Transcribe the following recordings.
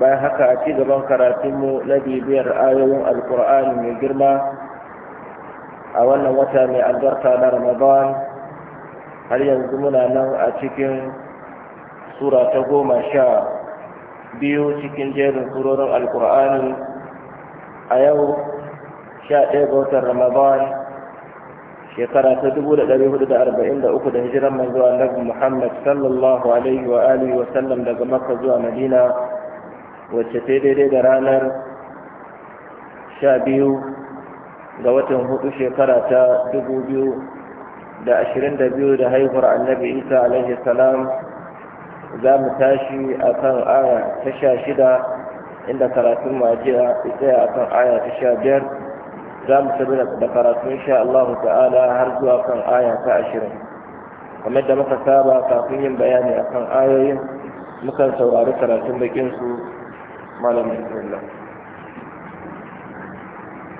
bayan haka a ci gaban karatunmu na bibiyar ayoyin alkur'ani mai girma a wannan wata mai albarka na ramadan har yanzu muna nan a cikin sura ta goma sha biyu cikin jerin surorin alkur'ani a yau sha ɗaya ga watan ramadan shekara ta dubu da ɗari hudu da arba'in da uku da hijiran manzo annabi muhammad sallallahu alaihi wa alihi wa sallam daga makka zuwa madina wacce ta daidai da ranar sha ga watan hudu shekara ta dubu da ashirin da haihuwar annabi isa alaihi salam za mu tashi a kan aya ta sha shida inda karatun majiya tsaya a kan aya ta sha biyar za mu sabi da karatun sha Allah ta'ala har zuwa kan aya ta ashirin kamar da muka saba kafin yin bayani akan ayoyin mukan saurari karatun bakinsu malam bismillah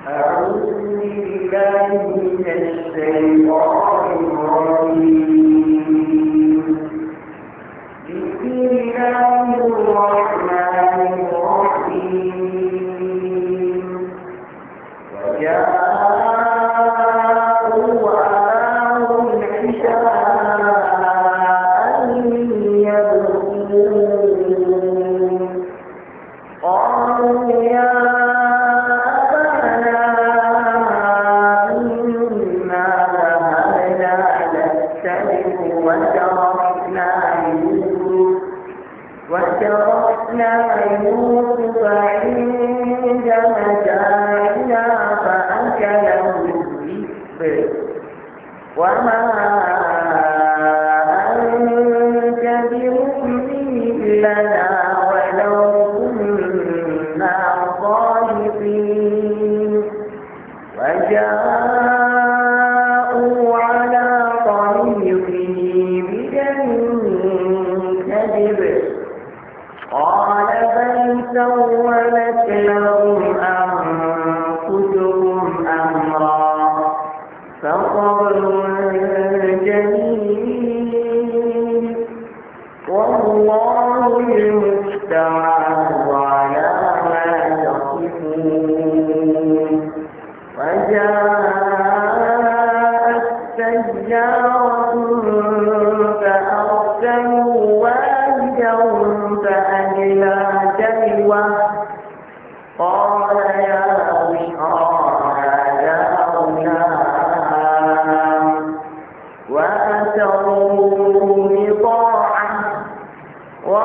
أعوذ بالله من الشيطان الرجيم بسم الله الرحمن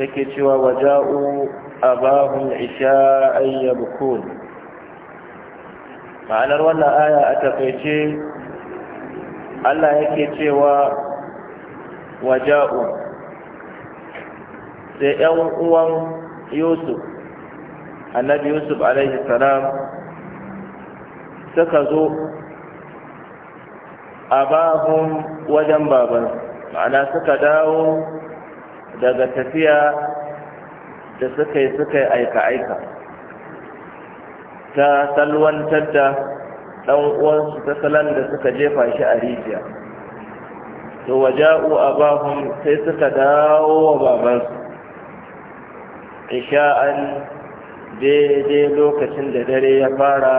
yake cewa waja'u abahum isha'an yabkun ma'anar wannan aya a takaice Allah yake cewa waja'u sai ƴan uwan Yusuf annabi Yusuf alaihi salam suka zo abahum wajen baban ma'ana suka dawo daga tafiya da suka yi suka aika-aika ta salwantar da ɗan'uwansu ta salon da suka jefa shi a rijiya to a bahun sai suka dawo wa babansu isha'an daidai lokacin da dare ya fara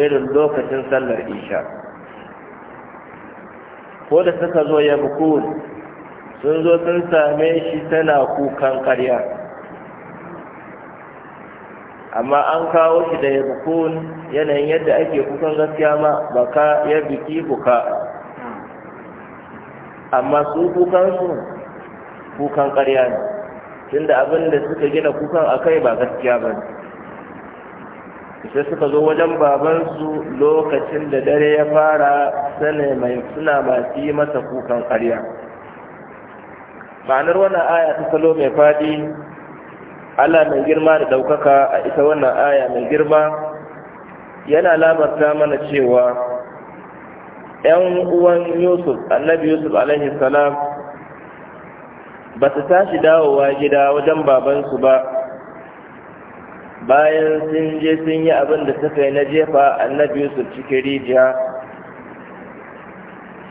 irin lokacin sallar isha ko da suka zo ya bukuru sun zo sun same shi tana kukan karya. amma an kawo shi da yabukun yanayin yadda ake kukan gaskiya ma baka ya biki buka amma su su kukan karya ne tunda abin da suka gina kukan a kai ba gaskiya ba ne sai suka zo wajen babansu lokacin da dare ya fara suna masu yi masa kukan karya. ma'anar wannan aya ta salo mai faɗi Allah mai girma da ɗaukaka a ita wannan aya mai girma yana labarta mana cewa ‘yan uwan Yusuf, annabi Yusuf alaihi salam ba su tashi dawowa gida wajen babansu ba bayan sun je sun yi abin da suka yi na jefa annabi Yusuf cikin rijiya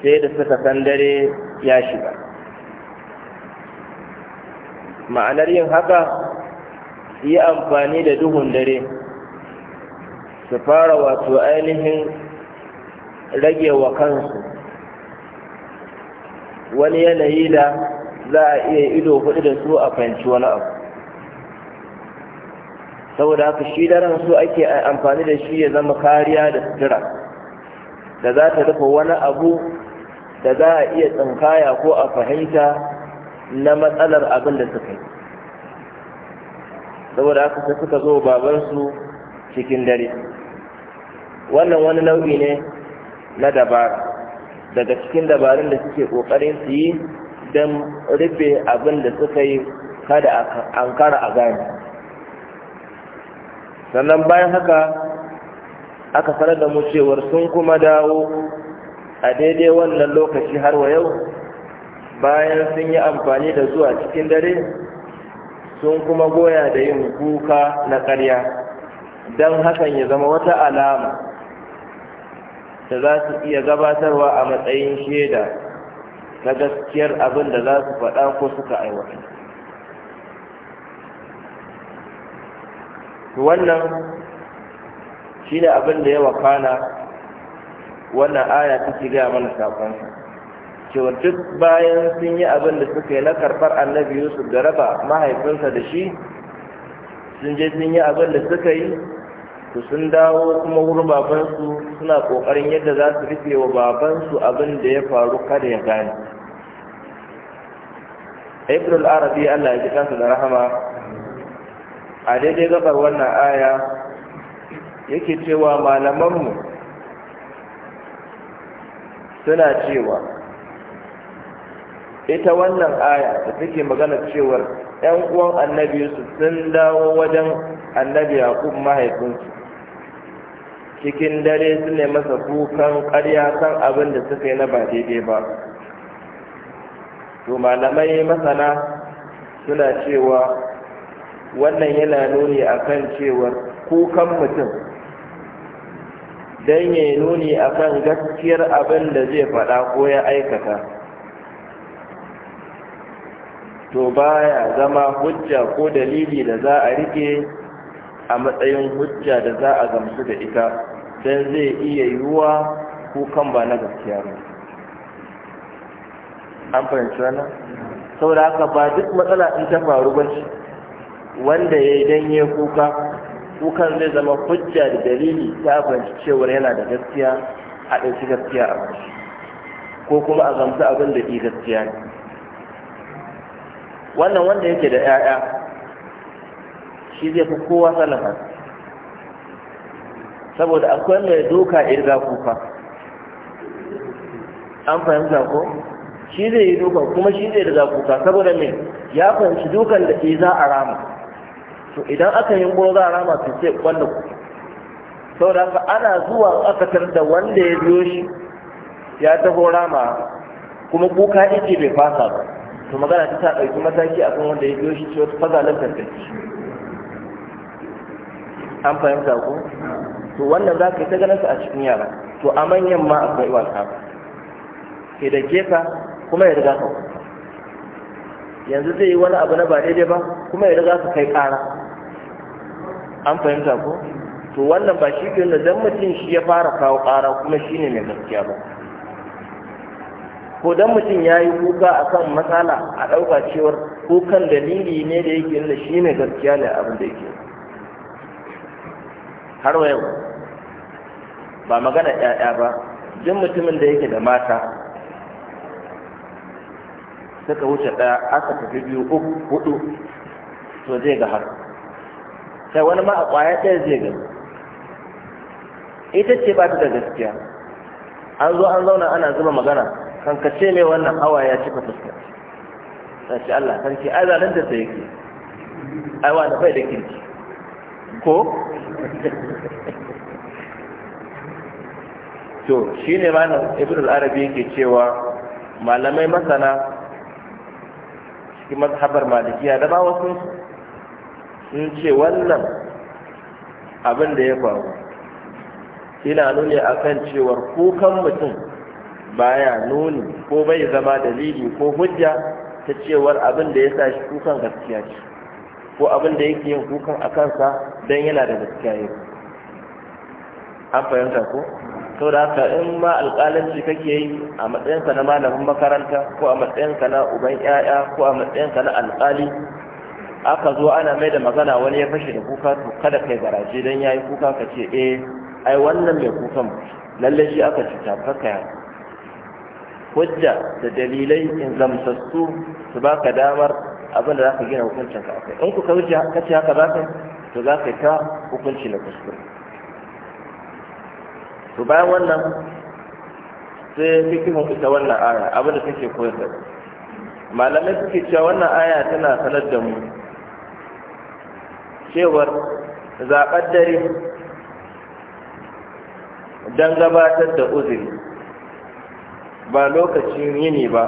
sai da suka san dare ya shiga. ma'anar yin haka yi amfani da duhun dare su fara wato ainihin rage wa kansu wani yanayi da za a iya ido hudu da su a fahimci wani abu saboda haka shi daren su ake amfani da shi ya zama kariya da sutura da za ta rufe wani abu da za a iya tsinkaya ko a fahimta na matsalar abin da suka yi saboda haka sai suka zo babansu cikin dare wannan wani nau'i ne na dabara daga cikin dabarun da suke ƙoƙarin su yi don rufe abin da suka yi kada an kara a gani sannan bayan haka aka sanar da mu cewar sun kuma dawo a daidai wannan lokaci har wa yau bayan sun yi amfani da zuwa cikin dare sun kuma goya da yin kuka na karya, don hakan ya zama wata alama da za su iya gabatarwa a matsayin shaida na gaskiyar abin da za su faɗa ko suka aiwata wannan shi ne abin da ya wakana wannan aya ta shiga mana saƙonsa cewa duk bayan sun yi abin da suka yi na karfar annabi yusuf da raba mahaifinsa da shi sun je sun yi abin da suka yi to sun dawo kuma wurin babansu suna ƙoƙarin yadda za su rufe wa babansu abin da ya faru kada ya gane ibn arabi Allah ya ji kansa da rahama a daidai gabar wannan aya yake cewa malamanmu suna cewa ita wannan aya da take magana cewar ‘yan uwan annabi su sun dawo wajen annabi yaƙub mahaifinsu cikin dare su ne masa kukan ƙarya kan abin da suka yi na ba daidai ba to malamai masana suna cewa wannan yana nuni akan cewar kukan mutum don ya nuni akan gaskiyar abin da zai faɗa ko ya aikata to baya zama hujja ko dalili da za a rike a matsayin hujja da za a gamsu da ita don zai iya yiwuwa kukan ba na gaskiya ba an fahimci wannan saboda haka ba duk matsala in ta faru ba wanda ya yi danye kuka kukan zai zama hujja da dalili ta abinci cewar yana da gaskiya a ɗauki gaskiya a ko kuma a gamsu abin da gaskiya ne wannan wanda yake da 'ya'ya shi zai fi kowa salafa saboda akwai mai doka irga kuka an fahimta ko shi zai yi dukan kuma shi zai riga kuka saboda mai ya fahimci dukan da ke za a rama to idan aka yi goro za a rama to sai wanda ku. saboda haka ana zuwa aka da wanda ya biyo shi ya taho rama kuma kuka ike bai fasa ba to magana ta ɗauki mataki akan wanda ya biyo shi ce wata fazalar tantance an fahimta ko to wannan za ka yi ta ganin a cikin yara to a manyan ma akwai ba. ke da ka kuma ya riga ka yanzu zai yi wani abu na ba daidai ba kuma ya riga ka kai ƙara an fahimta ko to wannan ba shi ke da dan mutum shi ya fara kawo ƙara kuma shine mai gaskiya ba ko dan mutum ya yi kuka a kan matsala a ɗauka cewar kukan dalili ne da yake da shi ne gaskiya ne abin da yake har wa yau ba magana 'ya'ya ba jin mutumin da yake da mata suka wuce ɗaya aka tafi biyu uku hudu to zai ga har sai wani ma a ƙwaya ɗaya zai ga ita ce ba ta da gaskiya an zo an zauna ana zuba magana kankace ne wannan hawa ya cika fuska ta ce Allah sarki ai zanen da sai yake ai da bai da kirki ko to shine ne ma ibn al-arabi yake cewa malamai masana cikin mazhabar malikiya da ba wasu sun ce wannan abin da ya faru yana nuni akan cewar kukan mutum baya nuni ko bai zama dalili ko hujja ta cewar abin da ya sa shi kukan gaskiya ce ko abin da yake yin kukan a kansa don yana da gaskiya yi. an fahimta ko sau da haka in ma alƙalanci kake yi a matsayinka na malamin makaranta ko a matsayinka na uban 'ya'ya ko a matsayinka na alƙali aka zo ana mai da magana wani ya fashe da kuka to kada kai garaje don ya yi kuka ka ce eh ai wannan mai kukan lallai shi aka cuta kaka ya hujja da dalilai in zamsassu su baka damar abin da zaka gina hukuncin ka akai in ku ka wuce ka ce haka zaka to za ka ta hukunci na kuskure to bayan wannan sai fikihun ita wannan aya abin da take koyar da malamai suke cewa wannan aya tana sanar da mu cewar zaɓar dare don gabatar da uzuri ba lokacin yini ba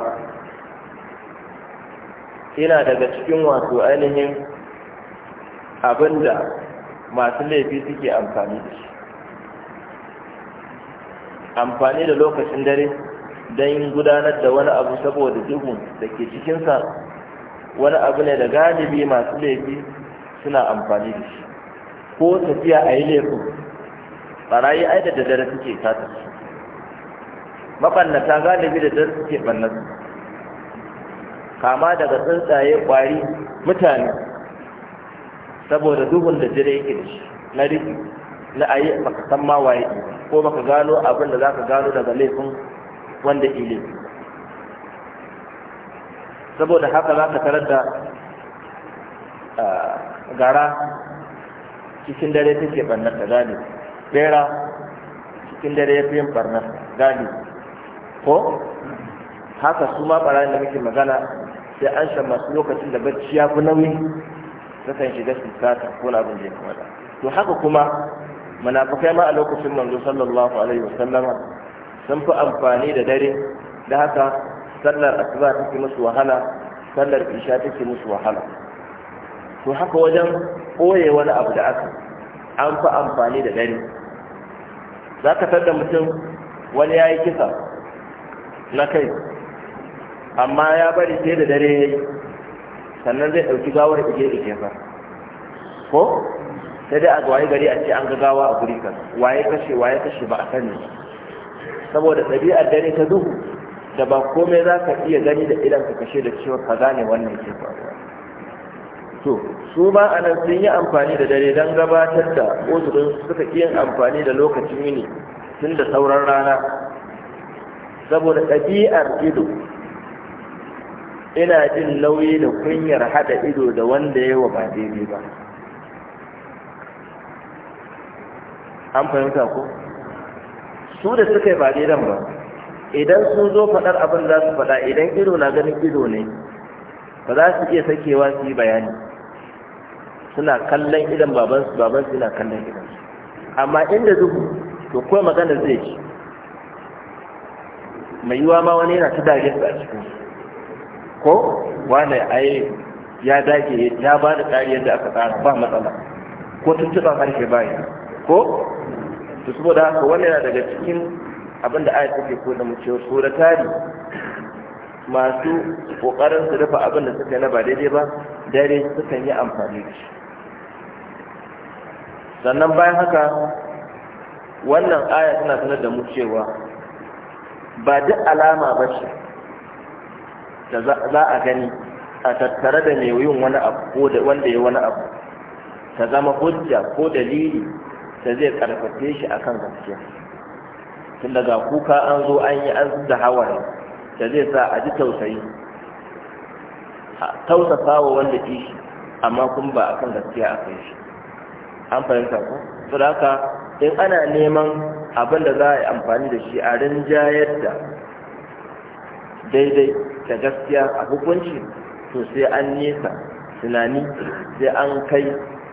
yana daga cikin wato ainihin abin da masu laifi suke amfani da shi amfani da lokacin dare don gudanar da wani abu saboda duhun da ke cikinsa wani abu ne da galibi masu laifi suna amfani da shi ko tafiya a yi laifin ɓarayi aida da dare suke sata su mabannata galibi da dan suke bannan kama daga tsuntsaye kwari mutane saboda duhun da jire yake da shi na riki na ayi baka san ma waye ko baka gano abin da zaka gano daga laifin wanda ile saboda haka zaka tarar da gara cikin dare take barnar da gane bera cikin dare ya fi yin barnar gane ko haka su ma barayin da muke magana sai an shan masu lokacin da bacci ya fi nauyi sukan shiga su sata ko na abin da ya kamata to haka kuma munafikai ma a lokacin manzo sallallahu alaihi wasallama sun fi amfani da dare da haka sallar asuba take musu wahala sallar isha take musu wahala to haka wajen koye wani abu da aka an fi amfani da dare za ka mutum wani ya yi kisa na kai amma ya bari sai da dare ya yi sannan zai ɗauki gawar ije ije ba ko sai dai a waye gari a ce an ga gawa a guri kan waye kashe waye kashe ba a sani saboda ɗabi'ar dare ta duhu da ba komai za ka iya gani da idan ka kashe da cewa ka gane wannan ke faruwa to su ma a nan sun yi amfani da dare don gabatar da ozurin suka yin amfani da lokacin yini tun da sauran rana saboda ɗabi'ar ido ina jin nauyi da kunyar haɗa ido da wanda ya wa ba daidai ba an fahimta ko su da suka yi ba daidan ba idan sun zo faɗar abin za su faɗa idan ido na ganin ido ne ba za su iya sakewa su yi bayani suna kallon idan babansu babansu yana kallon idan amma inda duhu to kuma magana zai ci mai yiwa ma wani yana ta dage a cikin ko wani ai ya dage ya ba da tsari yadda aka tsara ba matsala ko tuntuɓar harshe bayan ko su saboda haka wani yana daga cikin abinda aya take ko da mace cewa da tari masu kokarin su rufe abin da suka na ba daidai ba dare sukan yi amfani da shi sannan bayan haka wannan aya tana sanar da mu cewa ba duk alama ba ce da za a gani a tattare da mai yin wani abu ko da wanda ya wani abu ta zama hujja ko dalili da zai karfafe shi akan gaskiya tun daga kuka an zo an yi an da hawaye da zai sa a ji tausayi a tausasa wa wanda ke shi amma kuma ba akan gaskiya a kai shi an fahimta ko? da haka in ana neman abin da za a yi amfani da shi a rinjayar da daidai da gaskiya a hukunci to sai an nesa tunani sai an kai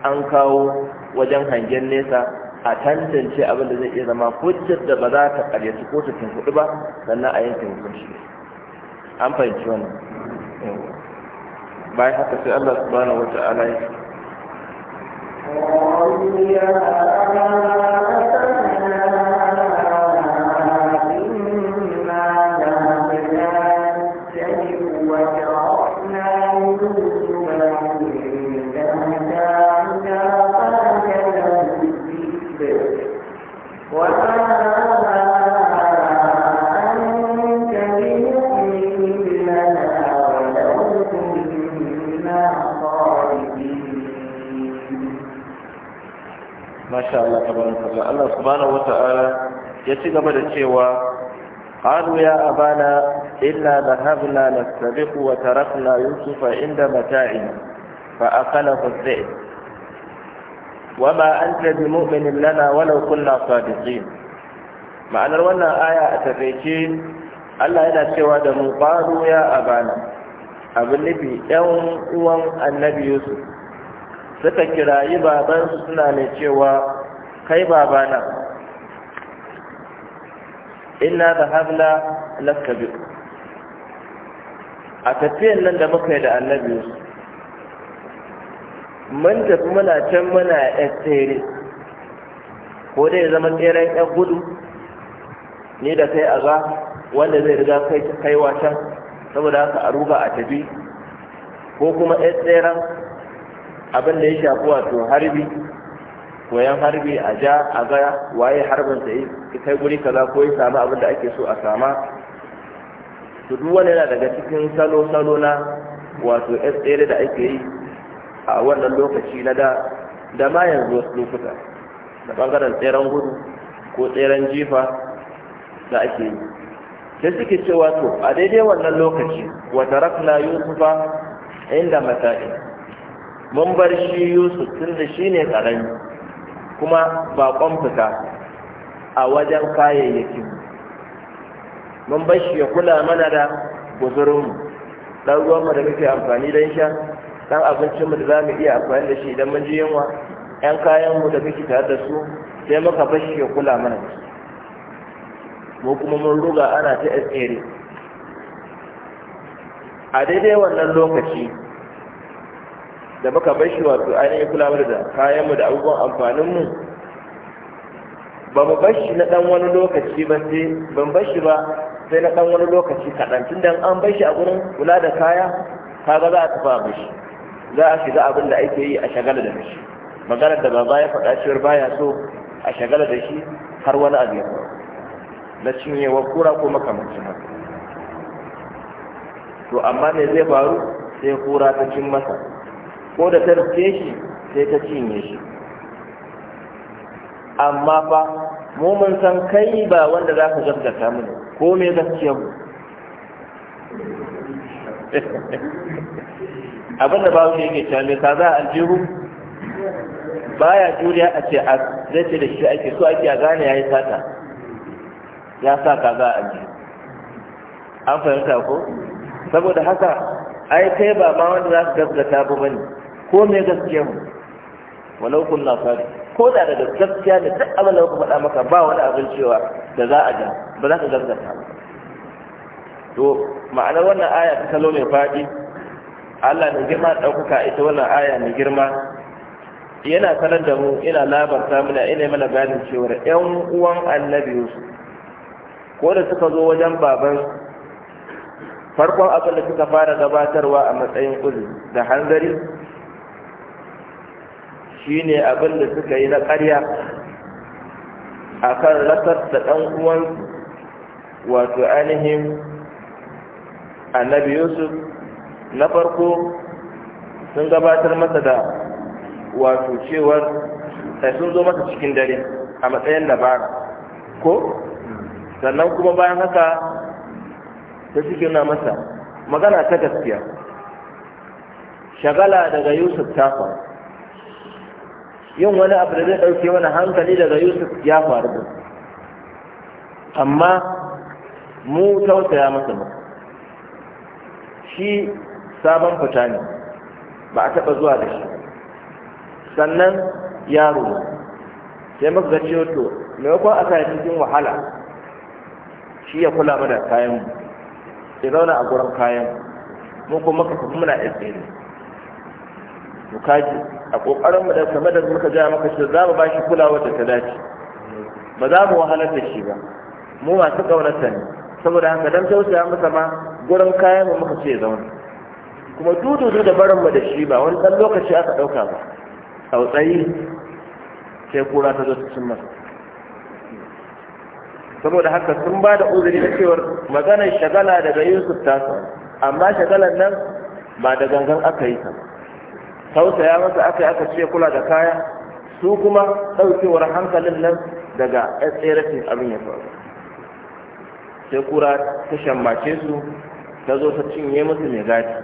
an kawo wajen hangen nesa a tantance abin da zai iya zama hujjar da ba za ta karyaci ko ta tunkuɗu ba sannan a yankin hukunci an fahimci wannan bayan haka sai Allah subhanahu wa ta'ala ya wani kaza Allah subhanahu wata'ala ya ci gaba da cewa qalu ya abana illa dhahabna nastabiqu wa tarakna yusufa inda mata'in fa akalahu adh wa wama anta mu'minin lana walau kunna sadiqin ma'anar wannan aya a takeice Allah yana cewa da mu qalu ya abana abin nufi yan uwan annabi yusuf suka kirayi babansu suna mai cewa kai babana inna da habla lakabi a tafiyan nan da muka yi da annabi mun tafi muna can muna yan tsere ko dai zama tseren yan gudu ni da kai a za wanda zai riga kai kaiwa can saboda haka a ruga a tafi ko kuma yan tseren abin da ya shafi wato harbi koyan harbi a ja a ga waye harbin sa yi kai guri kaza ko ya samu abin da ake so a sama to duk wani yana daga cikin salo salo na wato tsere da ake yi a wannan lokaci na da da ma yanzu wasu lokuta da bangaren tseren gudu ko tseren jifa da ake yi sai suke cewa to a daidai wannan lokaci wata rakna yusufa inda mata'i mun bar shi yusuf tun da shi ne karami kuma baƙon fita a wajen kayayyakin mun bar shi ya kula mana da guzurinmu ɗan ruwanmu da muke amfani don sha ɗan abincinmu da za mu iya amfani da shi idan mun ji yunwa ‘yan kayanmu da muke tare da su sai muka bar shi ya kula mana da mu kuma mun ruga ana ta tsere a daidai wannan lokaci da muka bar shi wato ainihin kula da kayanmu da abubuwan amfaninmu ba mu bar shi na ɗan wani lokaci ba sai ban bar shi ba sai na ɗan wani lokaci kaɗan tun da an bar shi a gurin kula da kaya kaga za a tafi ba shi za a shiga abin da ake yi a shagala da shi magana da baba ya faɗa cewa baya so a shagala da shi har wani abu ya faru na cinyewa kura ko makamancin haka to amma me zai faru sai kura ta cin masa ko da ta rufe shi sai ta cinye shi amma fa mu mun san kai ba wanda za ka gaskata mu ne ko me gaskiya mu abin da babu yake cewa me kaza aljihu baya juriya a ce a zai ce da shi ake so ake a gane ya yi sata ya sa za a aljihu an fahimta ko saboda haka ai kai ba ma wanda za ka gaskata ba bane ko me gaskiya mu walau na fari ko da da gaskiya ne duk abin da faɗa maka ba wani abin cewa da za a ja ba za ka gaskata ba to ma'anar wannan aya ta salo mai faɗi Allah ne girma ɗaukaka ita wannan aya ne girma yana sanar da mu yana labarta mana ina mana bayanin cewa ƴan uwan annabi ko da suka zo wajen baban farkon abin da suka fara gabatarwa a matsayin uzuri da hanzari shine abin da suka yi na ƙarya kan rasar da ɗan uwan wato ainihin annabi yusuf na farko sun gabatar masa da wato cewar sai sun zo masa cikin dare a matsayin dabara ko sannan kuma bayan haka ta suke na masa magana ta gaskiya shagala daga yusuf tafa yin wani abu da zai ɗauke wani hankali daga yusuf ya faru da amma mu tausaya masa ba shi sabon fita ne ba a taɓa zuwa da shi sannan yaro sai maka ga cewa maimakon a kayan cikin wahala shi ya kula mana kayan mu ya zauna a gurin kayan mu kuma muka fi muna ne kaji a kokarin mu da kamar da muka ja maka shi za mu ba shi kulawa da ta dace ba za mu wahalar da shi ba mu masu kaunarsa ne saboda haka dan tausaya masa ma gurin kayan mu muka ce zauna kuma dudu da barin mu da shi ba wani dan lokaci aka dauka ba tsautsayi sai kura ta zo ta cin masa saboda haka sun ba da uzuri da cewar maganar shagala daga yusuf ta amma shagalar nan ba da gangan aka yi ta ba tausaya masa aka aka ce kula da kaya su kuma ɗaukewar hankalin nan daga tseratin abin ya faru sai kura ta shammace su ta zo ta cinye musu mai gaji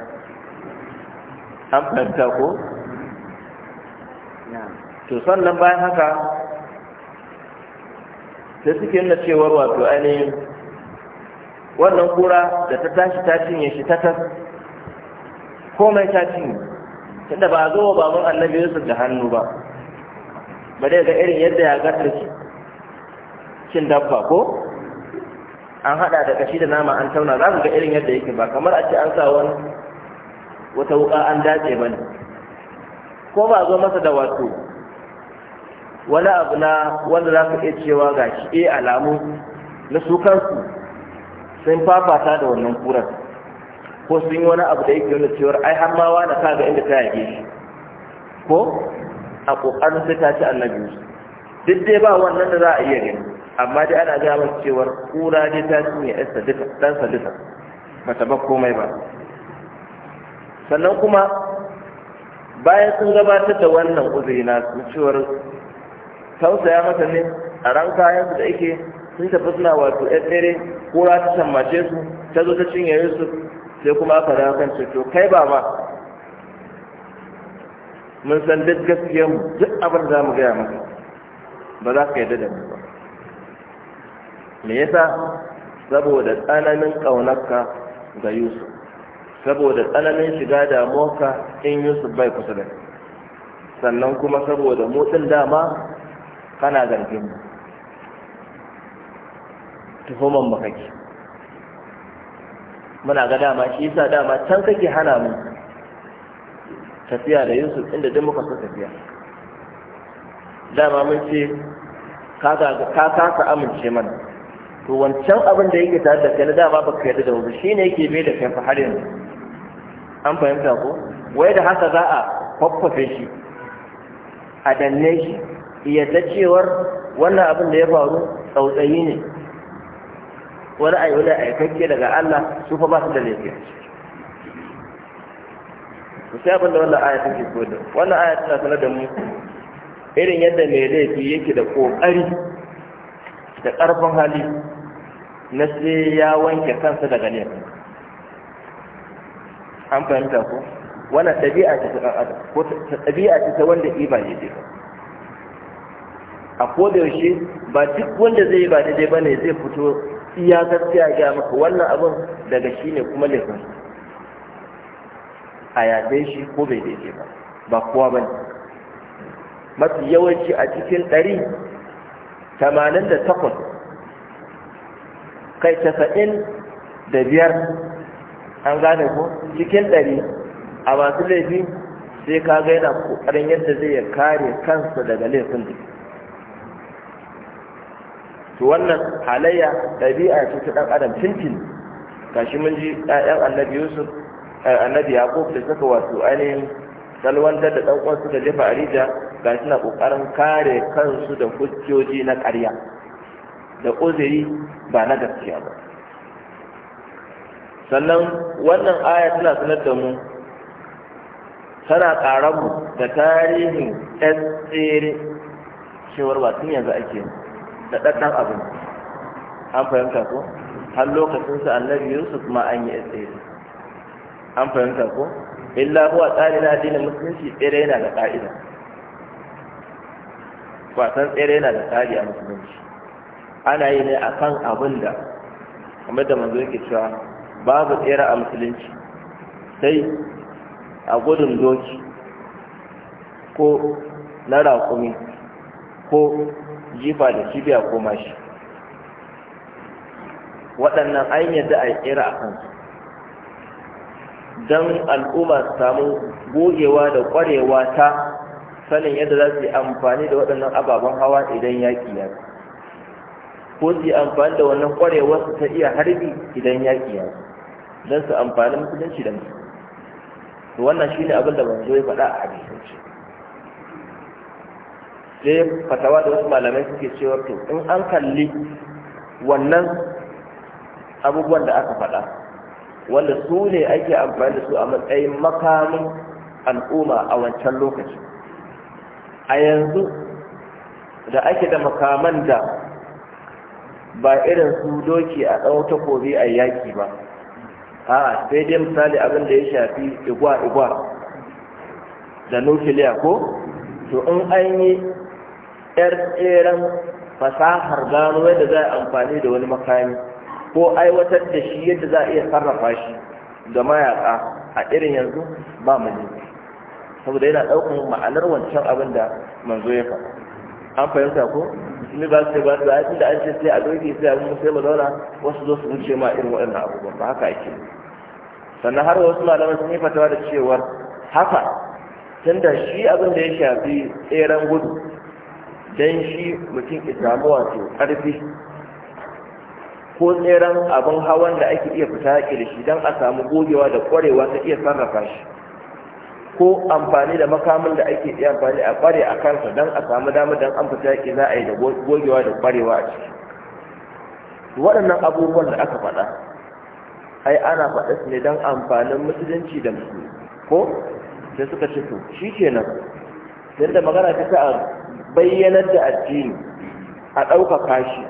an fahimta ko? to sannan bayan haka sai suke nuna cewar wato ainihin wannan kura da ta tashi ta cinye shi ta tas komai ta cinye tunda ba zo ba baban annabi Yusuf da hannu ba ba dai ga irin yadda ya ga tarki cin dabba ko an hada da kashi da nama an tauna za su ga irin yadda yake ba kamar a ce an sa wani wata wuka an dace ba ne ko ba zo masa da wato wani abu na wanda za ku iya cewa ga shi eh alamu na su kansu sun fafata da wannan kurar ko sun yi wani abu da yake nuna cewar ai har ma na kaga inda ta yage shi ko a ƙoƙarin sai ta ci annabi duk dai ba wannan da za a iya gani amma dai ana gaya masa cewar kura dai ta ne ɗansa duka ɗansa duka bata ba komai ba sannan kuma bayan sun gabatar da wannan uzuri na cewar tausaya masa ne a ran kayan su da yake sun tafi suna wato ɗan ɗere kura ta sammace su ta zo ta cinye su sai kuma aka dawo kan to kai baba mun san duk gaskiyar mu duk abin da mu gaya maka ba za ka yarda da mu ba me yasa saboda tsananin ƙaunarka ga Yusuf saboda tsananin shiga damuwarka in Yusuf bai kusa da sannan kuma saboda motsin dama kana zargin mu tuhuman ba kake muna ga dama shi yasa dama can kake hana mu tafiya da yusuf inda duk muka so tafiya dama mun ce ka kasa amince mana to wancan abin da yake tare da kai na dama ba ka yarda da wuri shine yake bai da kai fa har yanzu an fahimta ko wai da haka za a kwakwafe shi a danne shi yadda cewar wannan abin da ya faru tsautsayi ne wani ayi wani aikakke daga Allah su fa ba su da laifi ku sai abin da wannan aya take so da wannan aya tana sanar da mu irin yadda mai laifi yake da kokari da karfin hali na sai ya wanke kansa daga laifin an fahimta ko wannan ɗabi'a ce ta ɗan ko ɗabi'a ce ta wanda iba ne dai a koda yaushe ba duk wanda zai yi ba daidai ba ne zai fito iya gaskiya gaya maka wannan abin daga shi ne kuma laifin a yabe shi ko bai daidai ba ba kowa ba ne mafi yawanci a cikin ɗari tamanin da takwas kai casa'in da biyar an gane ko cikin ɗari a masu laifi sai ka gaina ƙoƙarin yadda zai kare kansa daga laifin da to wannan halayya ɗabi'a ce ta ɗan adam tintin gashi mun ji ƴaƴan annabi yusuf eh, annabi yaqub da suka wato ainihin salwantar da ɗan uwansu da jefa arija ga suna ƙoƙarin kare kansu da hujjoji na ƙarya da uzuri ba na gaskiya ba sannan wannan aya tana sanar da mu tana ƙaran da tarihin ɗan tsere cewar ba tun yanzu ake yi da ɗaɗɗan abin an fahimta ko har lokacin su annabi yusuf ma an yi tsaye an fahimta ko illa huwa tsari na addinin musulunci tsere yana da ƙa'ida kwasan tsere yana da tsari a musulunci ana yi ne a kan abin da kamar da manzo yake cewa babu tsere a musulunci sai a gudun doki ko na raƙumi ko jifa da kibiya ko mashi waɗannan an yadda a tsira a kansu don al'umma su samu gogewa da ƙwarewa ta sanin yadda za su yi amfani da waɗannan ababen hawa idan yaƙi ya ko su yi amfani da wannan ƙwarewar su ta iya harbi idan yaƙi ya don su amfani musulunci da musulunci wannan ne abin da ban zo ya faɗa a hadisance sai fatawa da wasu malamai suke cewa to in an kalli wannan abubuwan da aka faɗa wanda su ne ake amfani da su a matsayin makamin al'umma a wancan lokaci a yanzu da ake da makaman da ba irin su doki a tsawon takobi a yaki ba a sai dai misali abin da ya shafi igwa-igwa da nukiliya ko to in an yi 'yar tseren fasahar gano yadda za a amfani da wani makami ko aiwatar da shi yadda za a iya sarrafa shi ga mayaka a irin yanzu ba mu ne saboda yana ɗaukar ma'anar wancan abin da manzo ya faɗa an fahimta ko ni ba sai ba su a da an ce sai a doki sai abin sai mu zauna wasu zo su wuce ma irin waɗannan abubuwan ba haka ake sannan har wasu malaman sun yi fatawa da cewar haka tunda shi abin da ya shafi tseren gudu don shi mutum ya samu wato ƙarfi ko tseren abin hawan da ake iya fita haƙi da shi don a samu gogewa da ƙwarewa ta iya sarrafa shi ko amfani da makamun da ake iya amfani a ƙware a kansa don a samu dama don an fita haƙi za a yi da gogewa da ƙwarewa a ciki waɗannan abubuwan da aka faɗa ai ana faɗa su ne don amfanin musulunci da musulmi ko sai suka ce to shi kenan yadda magana ta ta bayyanar da addini a ɗaukaka shi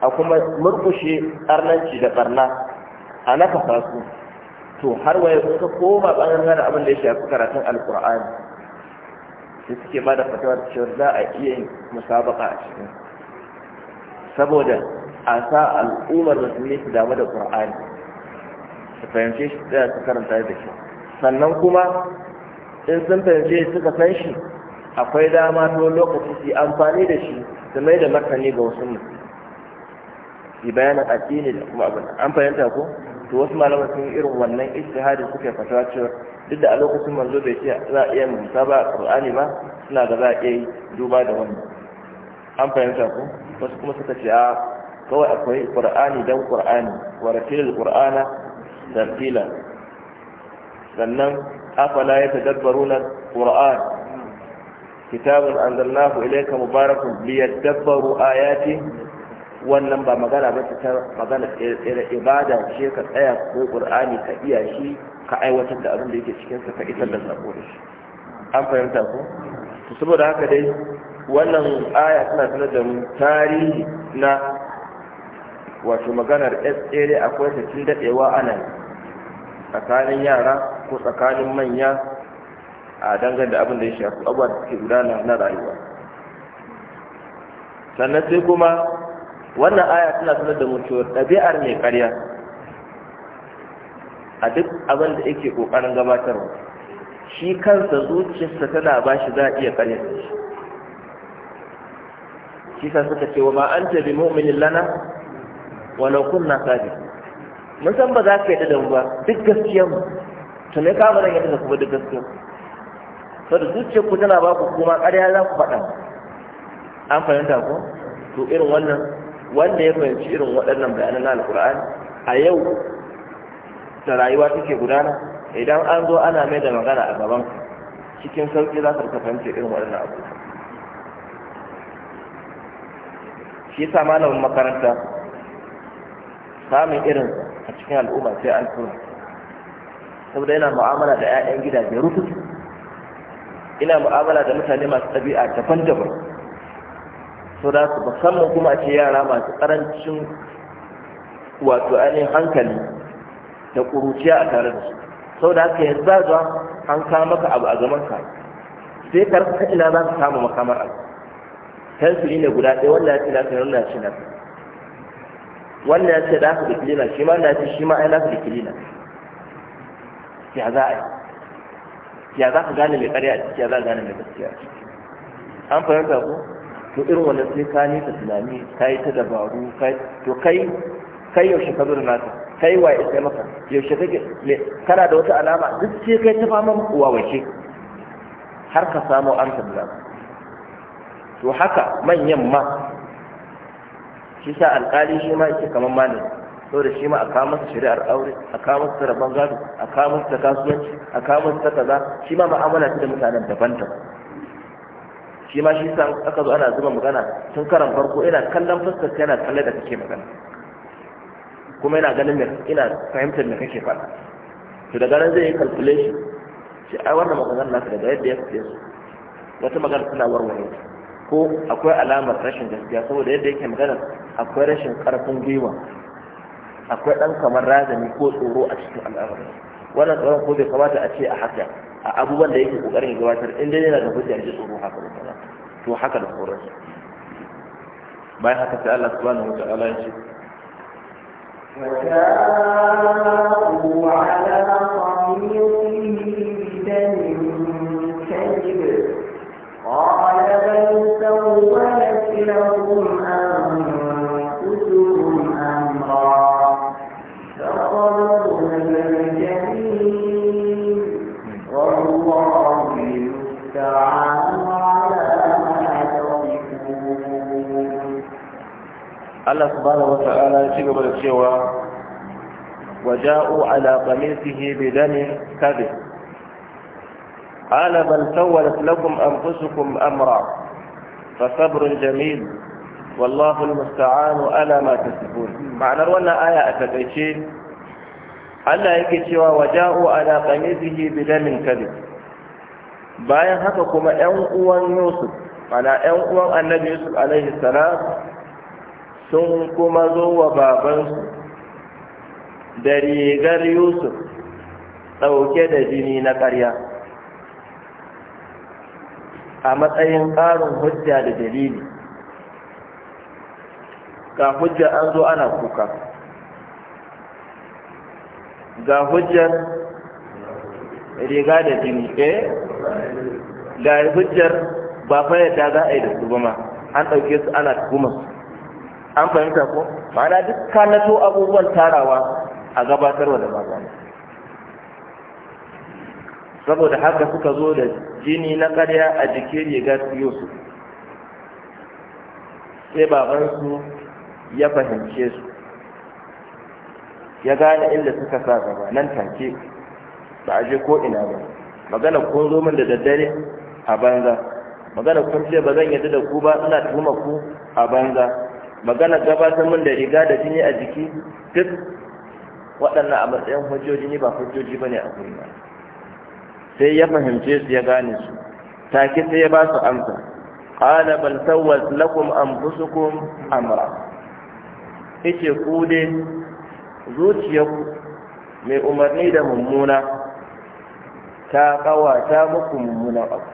a kuma murkushe ƙarnanci da ƙarna a nakasa su to har waye suka koma ɓangaren abin da ya shafi karatun alƙur'ani sai suke ba da fatawar cewar za a iya yin musabaka a cikin saboda a sa al'ummar musulmi su damu da ƙur'ani su fahimce shi da su karanta da shi sannan kuma in sun fahimce suka san shi akwai dama to lokaci su amfani da shi su mai da makani ga wasu mu su bayanin addini da kuma abin an fahimta ko to wasu malaman sun irin wannan ijtihadin suke fatawa cewa duk da a lokacin manzo bai ce za a iya musa ba qur'ani ma suna da za a iya yi duba da wannan an fahimta ko wasu kuma suka ce a kawai akwai qur'ani dan qur'ani wa ratilul qur'ana tartila sannan afala yatadabbaruna qur'an كتاب anzalnahu ilayka مبارك ليتدبروا ayati wannan ba magana ba ta magana ibada ce ka tsaya ko qur'ani ka iya shi ka aiwatar da abin da yake cikin sa ka isar da sako da shi an fahimta ko to saboda haka dai wannan aya tana sanar da mu tarihi na wato maganar tsere akwai ta tun dadewa ana tsakanin yara ko tsakanin manya a dangane da abin da ya shafi abuwa da suke gudana na rayuwa sannan sai kuma wannan aya tana sanar da mutuwa ɗabi'ar mai ƙarya a duk abin da yake ƙoƙarin gabatarwa shi kansa zuciyarsa tana ba shi za a iya ƙarya shi shi sa suka ce wa ma an tabi mu'minin lana wa law kunna sabi mun san ba za ka yi da mu ba duk gaskiyar mu to ne ka yadda kuma duk gaskiyar saboda zuciyarku ku tana ba ku kuma ƙarya za ku faɗa an fahimta ko to irin wannan wanda ya fahimci irin waɗannan bayanan na alƙur'ani a yau da rayuwa take gudana idan an zo ana mai da magana a gaban cikin sauƙi za ka fahimci irin waɗannan abu shi yasa malamin makaranta samun irin a cikin al'umma sai an tura saboda yana mu'amala da 'ya'yan gidaje rukutu ina mu'amala da mutane masu ɗabi'a daban-daban so da su musamman kuma a ce yara masu ƙarancin wato ainihin hankali da ƙuruciya a tare da su sau da haka yanzu za zuwa an kama maka abu a zaman ka sai ka rasa ina za ka samu makamar abu su ne guda ɗaya wanda ya ce na fi nuna shi na wannan ya ce da haka da kilina shi ma na ce shi ma ai na da kilina ya za a yi ya za ka gane mai ƙarya a ciki ya za ka gane mai gaskiya an fahimta ko to irin wannan sai ka nisa tunani ka yi ta dabaru to kai kai yaushe ka zo da naka kai waye ya maka yaushe kake kana da wata alama duk sai kai ta fama wace har ka samu amsa da to haka manyan ma shi sa alƙali shi ma yake kamar malami so da shi ma a kawo masa shari'ar aure a kawo masa rabon gado a kawo masa ta kasuwanci a kawo masa ta kaza shi ma ma'amala ta da mutanen daban-daban shi ma shi san aka zo ana zuba magana tun karan farko ina kallon fuskar ta yana kallon da kake magana kuma ina ganin me ina fahimtar me kake faɗa to daga nan zai yi calculation shi ai wannan maganar naka daga yadda ya fi su wata magana tana warware ko akwai alamar rashin gaskiya saboda yadda yake magana akwai rashin karfin gwiwa akwai ɗan kamar razani ko tsoro a cikin al'amari wannan tsoron ko bai kamata a ce a haka a abubuwan da yake kokarin ya gabatar in dai yana da hujja ji tsoro haka da kana to haka da tsoron bayan haka sai Allah subhanahu wa ta'ala ya ce وجاءوا على قال بل سولت لهم أنفسهم الله سبحانه وتعالى يجب على الشيء وجاءوا على قميصه بدم كذب قال بل سولت لكم أنفسكم أمرا فصبر جميل والله المستعان ألا ما تسبون معنى روانا آية أتكيشين Allah yake cewa waja'u ala qamisihi damin kadhib bayan haka kuma ɗan uwan Yusuf ana ɗan uwan Annabi Yusuf alaihi salam sun kuma zo wa babansu da rigar Yusuf ɗauke da jini na ƙarya a matsayin ƙarin hujja da dalili ga hujja an zo ana kuka ga hujjar riga da jini eh ga hujjar ba fa yadda za a yi da su ba ma an ɗauke su ana su, an fahimta ko ma'ana duk nato abubuwan tarawa a gabatarwa da baba saboda haka suka zo da jini na ƙarya a jikin rigar yusuf sai babansu ya fahimce su ya gane inda suka sa gaba nan take ba a je ko ina ba magana kun zo min da daddare a banza magana kun ce ba zan yadda da ku ba ina tuhuma ku a banza magana gabatar min da riga da jini a jiki duk waɗannan a matsayin hujjoji ne ba hujjoji ba ne a guri ba sai ya fahimce su ya gane su take sai ya ba su amsa qala bal sawwat lakum anfusukum amra yace ku dai zuciyarku mai umarni da mummuna ta kawata muku mummunan abu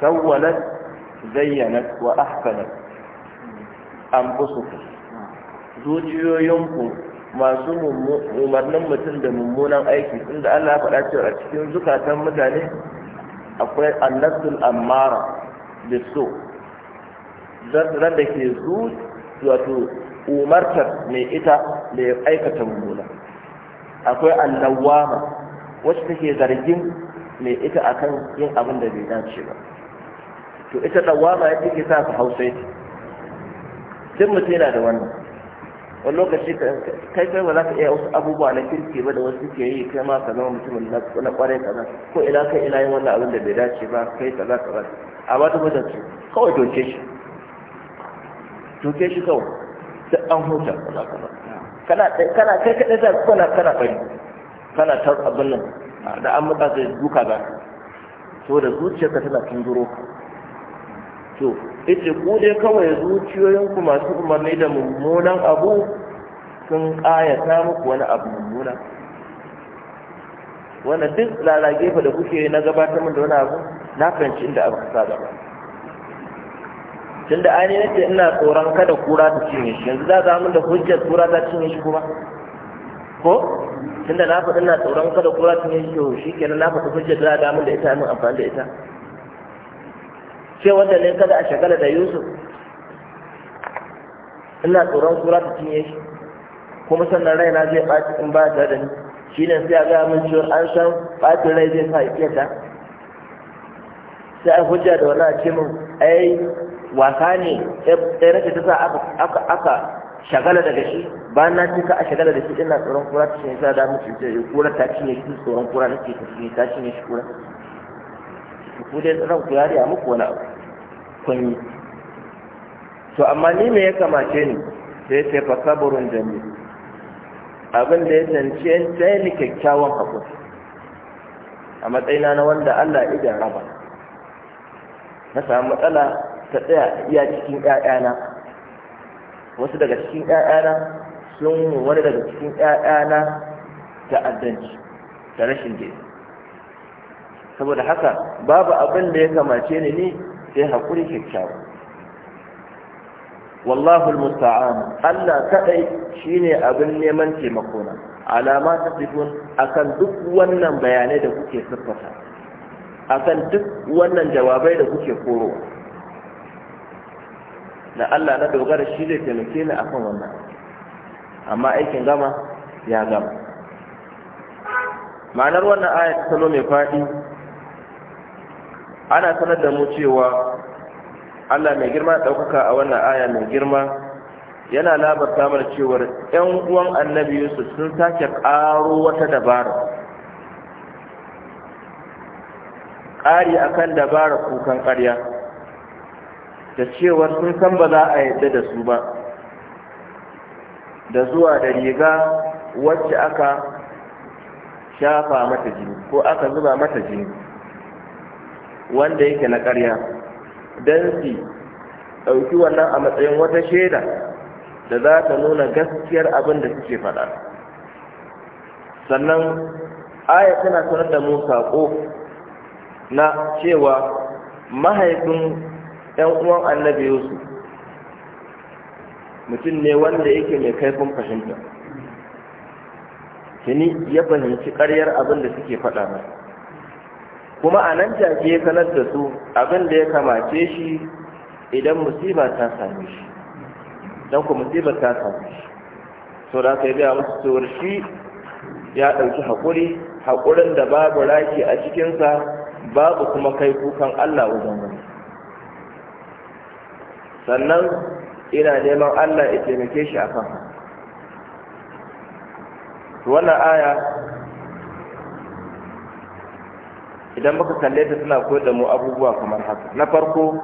sauwalar zayyana wa ahsanat anfusukum zuciyoyinku masu umarnin mutum da mummunan aiki da Allah faɗa cewa a cikin zukatan mutane akwai annasul ammara so zan da ke wato umartar mai ita da ya aikata mummuna akwai annawama wacce take zargin mai ita akan yin abin da bai dace ba to ita dawama ya take sa ka hausai duk mutum yana da wannan wani lokaci kai kai ba za ka iya wasu abubuwa na kirki ba da wasu ke yi kai ma ka zama mutumin na kwarai kaza ko ina kai ina yin wannan abin da bai dace ba kai kaza kaza a ba ta mutunci kawai doke shi doke shi kawai da an huta kana kana kai kada da kana kana bari kana tar abin nan da an mutsa sai duka ba? To da zuciyarka tana tunzuro to ita ku dai kawai zuciyoyinku masu umarni da mummunan abu sun ƙayata muku wani abu mummuna Wannan duk lalage fa da kuke na gabatar da wani abu na fahimci inda abu ka sa tunda ai ne ce ina tsoron kada kura ta cinye shi yanzu za a mun da hujjar kura ta cinye shi kuma ko tunda na faɗi ina tsoron kada kura ta cinye shi to kenan na faɗi hujjar za za mun da ita mun amfani da ita ce wanda ne kada a shagala da Yusuf ina tsoron kura ta cinye shi kuma sannan raina zai ɓaci in ba ta da ni shi ne sai a gaya min cewa an san ɓacin rai zai sa ikiyata sai a hujja da wani a ce min ai wasa ne sai nake ta sa aka shagala daga shi ba na ce ka a shagala da shi ina tsoron kura ta shine sa da mu ce kura ta cinye shi tsoron kura nake ta cinye ta cinye shi kura ku dai tsoron ku yare muku wani abu kun yi to amma ni me ya kamace ni sai sai fa saburun jami abin da ya tance sai ni kyakkyawan hakuri a matsayina na wanda Allah ya raba na samu matsala ta tsaya iya cikin ƴaƴana wasu daga cikin ƴaƴana sun wani daga cikin ƴaƴana ta'addanci da rashin jini saboda haka babu abin da ya kamace ni ne sai haƙuri kyakkyawa wallahu almusta'an Allah kadai shine abin neman taimako na alama ta sifun akan duk wannan bayanai da kuke siffata akan duk wannan jawabai da kuke korowa na Allah na dogara shi zai taimake ni akan wannan amma aikin gama ya gama ma'anar wannan aya ta salo mai faɗi ana sanar da mu cewa Allah mai girma ɗaukaka a wannan aya mai girma yana labarta mana cewar 'yan uwan annabi Yusuf sun sake ƙaro wata dabara ƙari akan dabara kukan ƙarya da cewar sun san ba za a yadda da su ba da zuwa da riga wacce aka shafa mata jini ko aka zuba mata jini wanda yake na ƙarya don su ɗauki wannan a matsayin wata shaida da za ta nuna gaskiyar abin da suke faɗa sannan aya tana sanar da mu saƙo na cewa mahaifin ‘yan uwan annabi yusuf mutum ne wanda yake mai kaifin fahimta tuni ya fahimci karyar abin da suke faɗa masa kuma a nan take ya sanar da su abin da ya kamace shi idan musiba ta same shi don ku musibar ta same shi so da aka yi biya musu tsohon shi ya ɗauki haƙuri haƙurin da babu raki a cikinsa babu kuma kai kukan allah wajen wani sannan ina neman Allah ya taimake shi akan wannan aya idan muka kalle ta suna koyar da mu abubuwa kamar haka na farko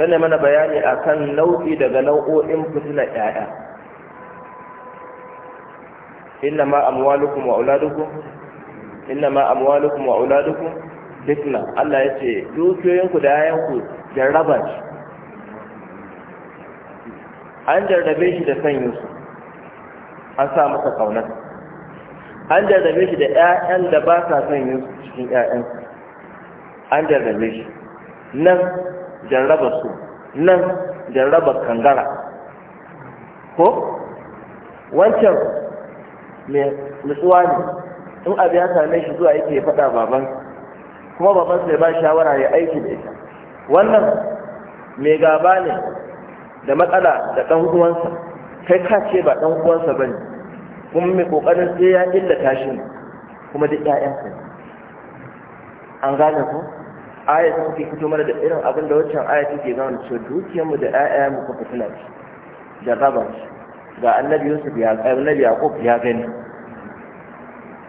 sanya mana bayani akan nau'i daga nau'o'in fitina 'ya'ya inna ma amwalukum wa auladukum inna ma amwalukum wa auladukum fitna Allah yace dukiyoyinku da yayanku jarraba an jarrabe shi da san yusuf an sa masa ƙaunar an jarrabe shi da 'ya'yan da ba sa san yusuf cikin 'ya'yansa an jarrabe shi nan jarraba su nan jarraba kangara ko wancan mai nutsuwa ne in abu ya same shi zuwa yake ya faɗa baban kuma baban sai ba shawara ya aiki da ita wannan mai gaba ne da matsala da ɗan uwansa kai ka ce ba ɗan uwansa ba ne kuma mai ƙoƙarin sai ya illa shi kuma duk ƴaƴansa an gane ku aya ta ke fito mana da irin abin da waccan ayat ke gane cewa dukiyarmu da ƴaƴa mu ka fitina ce da raba ce ga annabi yusuf ya annabi yaqub ya gani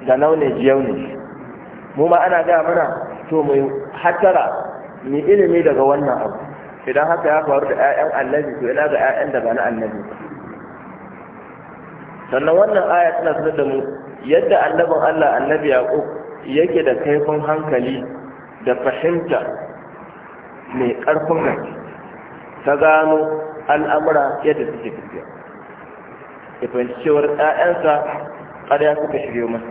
Da naune jiyau ne mu ma ana gaya mana to mu hattara mu ilimi daga wannan abu idan haka ya faru da 'ya'yan annabi to ina ga 'ya'yan da ba na annabi sannan wannan aya tana sanar da mu yadda annabin Allah annabi Yaqub yake da kaifin hankali da fahimta mai ƙarfin gaske ta gano al'amura yadda suke tafiya ya fahimci cewar 'ya'yansa ƙarya suka shiryo masa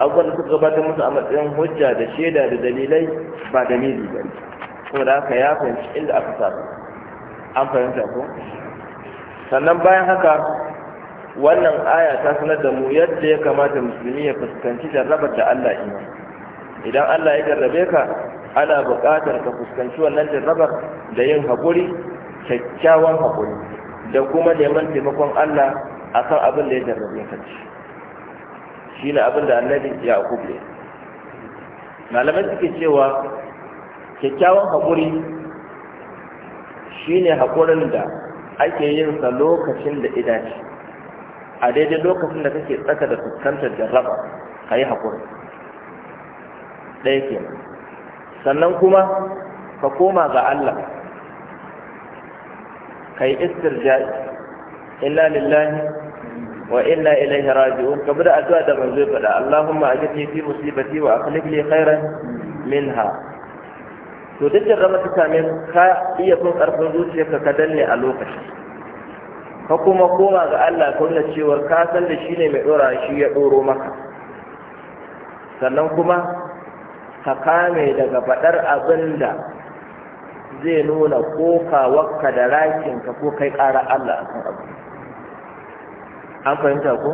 abubuwan da suka gabatar musu a matsayin hujja da shaida da dalilai ba dalili ba saboda haka ya fahimci inda aka samu an fahimta ko sannan bayan haka wannan aya ta sanar da mu yadda ya kamata musulmi ya fuskanci jarrabar da Allah ima idan Allah ya jarrabe ka ana buƙatar ka fuskanci wannan jarrabar da yin haƙuri kyakkyawan haƙuri da kuma neman taimakon Allah akan abin da ya jarrabe ka ci shi ne abin da annabi ya kubule malamai suke cewa kyakkyawan haƙuri shine haƙurin da ake yin sa lokacin da idaci a daidai lokacin da kake tsaka da fuskantar jarraba ka yi haƙuri ɗaya ke sannan kuma ka koma ga Allah ka yi istirja'i inna lillahi wa inna ilaihi raji'un ka bi addu'a da manzo ya faɗa Allahumma ajirni fi musibati wa akhlif li khairan minha to duk jarraba ta same ka iya son karfin zuciyarka ka kadalle a lokaci ka kuma koma ga Allah ka nuna cewar ka san da shi ne mai dora shi ya doro maka sannan kuma ka kame daga faɗar abin da zai nuna ko ka wakka da rakin ka ko kai ƙara Allah akan abu an fahimta ko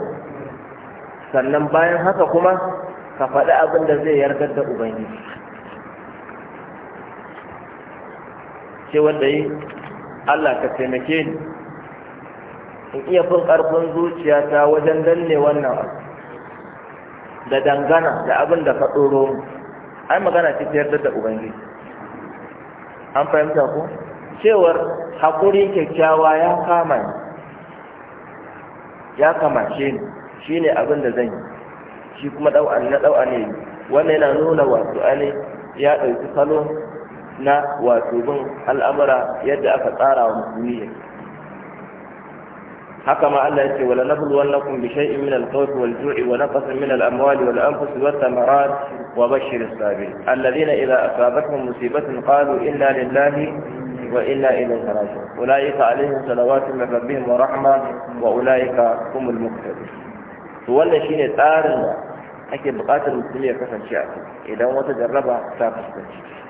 sannan bayan haka kuma ka faɗi abin da zai yarda da ubangiji ce wanda yi Allah ka taimake ni in iya fin ƙarfin zuciyata wajen danne wannan da dangana da abin da ka ɗoro ai magana ce ta yarda da ubangiji an fahimta ku? cewar haƙuri kyakkyawa ya kama ni ya kamace ni shi ne abin da zan yi shi kuma ɗau'ani na ɗau'a ne wannan yana nuna wasu ne ya ɗauki salo na wato bin al'amura yadda aka tsara wa musulmi haka ma Allah ya ce wala nabluwannakum bi shay'in min al-khawfi wal-ju'i wa naqsin min al-amwali wal-anfusi wath-thamarat wa bashshir as-sabirin alladhina idha asabatuhum musibatun qalu inna lillahi wa inna ilayhi raji'un ulaika alaihim salawatun min rabbihim wa rahma wa ulaika humul muhtadun to wannan shine tsarin da ake buƙatar musulmi ya kasance a idan wata jarraba ta fuskanci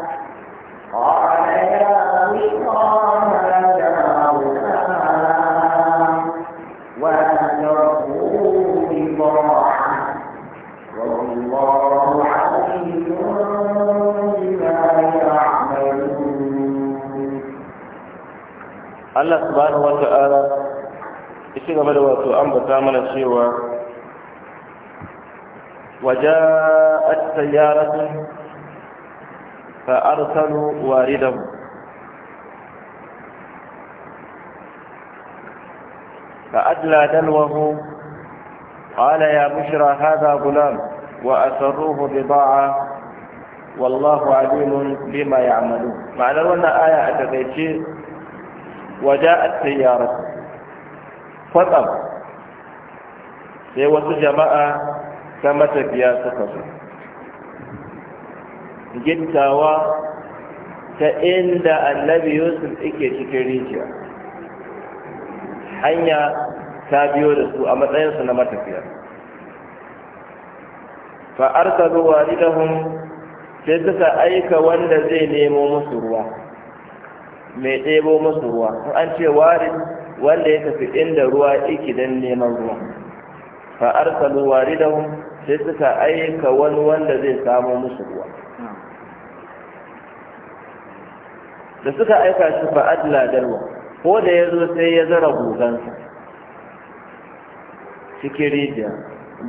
ci gaba da wato ambata mana cewa وجاءت سيارة فأرسلوا واردهم فأدلى دلوه قال يا بشرى هذا غلام وأسروه بضاعة والله عليم بما يعملون معنى أن آية أتبيتي وجاءت سيارة Fatsam, sai wasu jama'a ta matafiya suka su gittawa ta inda annabi yusuf ike cikin rijiya hanya ta biyo da su a matsayinsu na matafiya fa'ar wani zuwa sai suka aika wanda zai nemo musu ruwa mai ɗebo musu ruwa an ce warin wanda ya tafi inda ruwa yake dan neman ruwa fa arsalu waridahum sai suka aika wani wanda zai samu musu ruwa da suka aika shi fa adla dalwa ko da ya zo sai ya zara gugansa cikin rijiya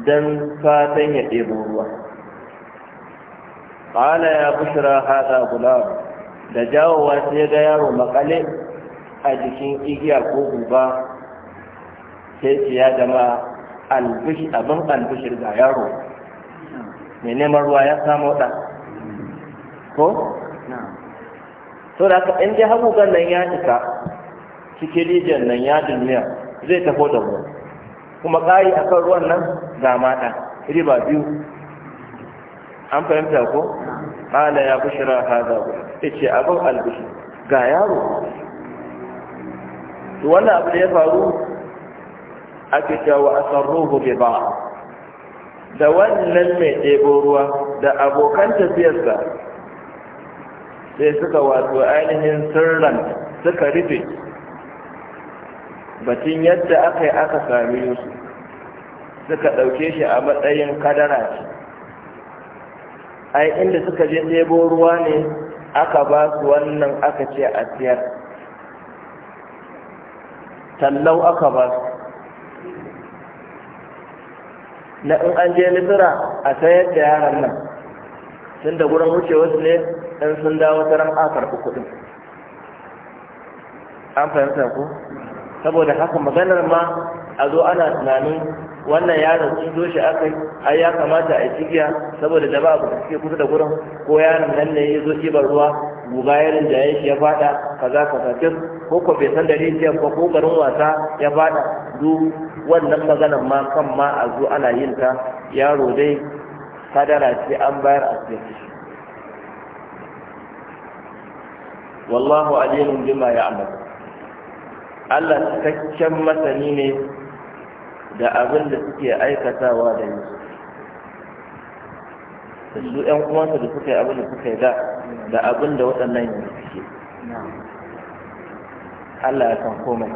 don fatan ya ɗebo ruwa ƙala ya bushra haɗa gulam da jawowa sai ya ga yaro makale a jikin igiya ko guba sai su ya zama abin albishir ga yaro mai neman ruwa ya samu ɗa ko? so da haka in dai nan ya cika cikin rijiyar nan ya duniya zai tafo da ruwa kuma ƙari a kan ruwan nan ga mata riba biyu an fahimta ko? ƙala ya ha haza ku ce abin albishir ga yaro to wannan abu da ya faru ake cewa asarruhu bi ba da wannan mai ɗebo ruwa da abokan tafiyarsa sai suka wato ainihin sirran suka rufe batun yadda aka yi aka sami yusuf suka ɗauke shi a matsayin kadara ce ai inda suka je ɗebo ruwa ne aka ba su wannan aka ce a siyar tallau aka ba su na in an je libira a sayar da yaran nan tun da wuce wasu ne in sun dawo ta ran a karɓi kuɗin an fahimta ku? saboda haka maganar ma a zo ana tunanin wannan yaron sun zo shi aka ai ya kamata a yi cikiya saboda da ba a da suke kusa da gudun ko yaron nan ne ya zo ɗibar ruwa mugayarin da yake ya fada kaza kaza kin ko ko bai san da rijiyar ba ko garin wasa ya fada du wannan maganar ma kan ma a zo ana yin ta yaro dai kadara ce an bayar a cikin shi wallahu alimun bima ya'lam Allah cikakken masani ne da abin da suke aikatawa da yusuf da su ‘yan uwansa da suka yi abin da suka yi da da abin da waɗannan yanzu suke Allah ya san komai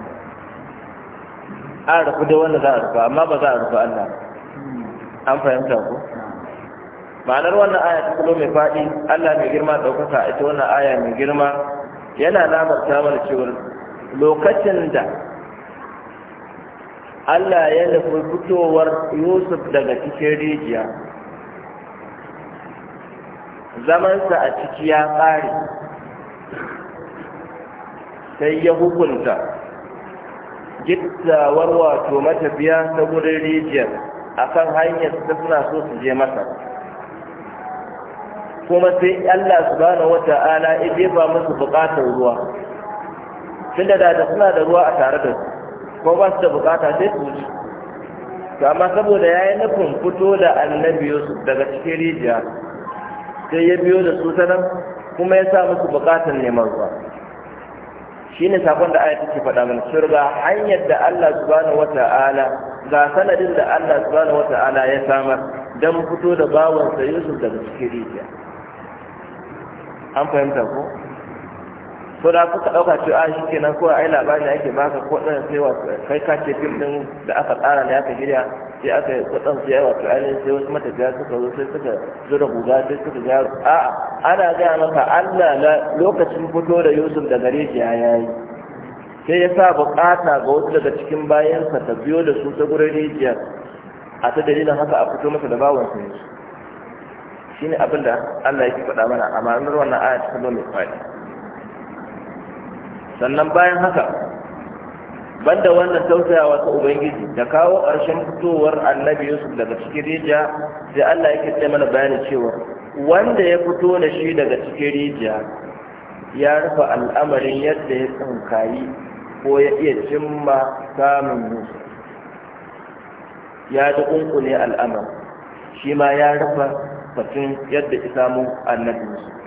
an rufu dai wanda za a rufa amma ba za a rufa Allah an fahimta ko ma'anar wannan aya ta kulo mai faɗi Allah mai girma ɗaukaka ita wannan aya mai girma yana labarta mana cewa lokacin da Allah ya nufi fitowar Yusuf daga cikin rijiya zamansa a ciki ya ƙare sai ya hukunta gittawar wato matafiya ta wurin rijiyar a kan hanyar ta suna so su je masa kuma sai allah subhanahu wa ta'ala ya ba musu buƙatar ruwa tun da da suna da ruwa a tare da su ko ba su da bukata sai su ji. amma saboda ya yi nufin fito da annabi yusuf daga cikin rijiya sai ya biyo da su sanan kuma ya sa musu bukatar neman ruwa shine sakon da ayat ke faɗa mana cewa ga hanyar da Allah subhanahu wata'ala ga sanadin da Allah subhanahu wata'ala ya samar dan fito da bawansa Yusuf daga cikin rijiya an fahimta ko so da kuka ɗauka ce a ah, shi kenan ko ai labari ake baka ko dan sai wa kai ka ce fim din da aka tsara ne aka shirya sai aka yi kwatsam sai wato ainihin sai wasu matafiya suka zo sai suka zura guga sai suka gyara a'a ana gaya maka allah na lokacin fito da yusuf da gare shi ya yayi sai ya sa bukata ga wasu daga cikin bayansa ta biyo da su ta gurin rijiya a ta dalilin haka a fito masa da bawan su shi ne abin da allah yake faɗa mana a ma'anar wannan aya ta mai faɗi sannan bayan haka banda wannan tausayawa ta ubangiji da kawo ƙarshen fitowar annabi yusuf daga cikin rijiya sai allah yake ce mana bayanin cewa wanda ya fito da shi daga cikin rijiya ya rufe al'amarin yadda ya tsinkayi ko ya iya cimma samun yusuf ya ji ƙunƙune al'amar shi ma ya rufe batun yadda ya samu annabi yusuf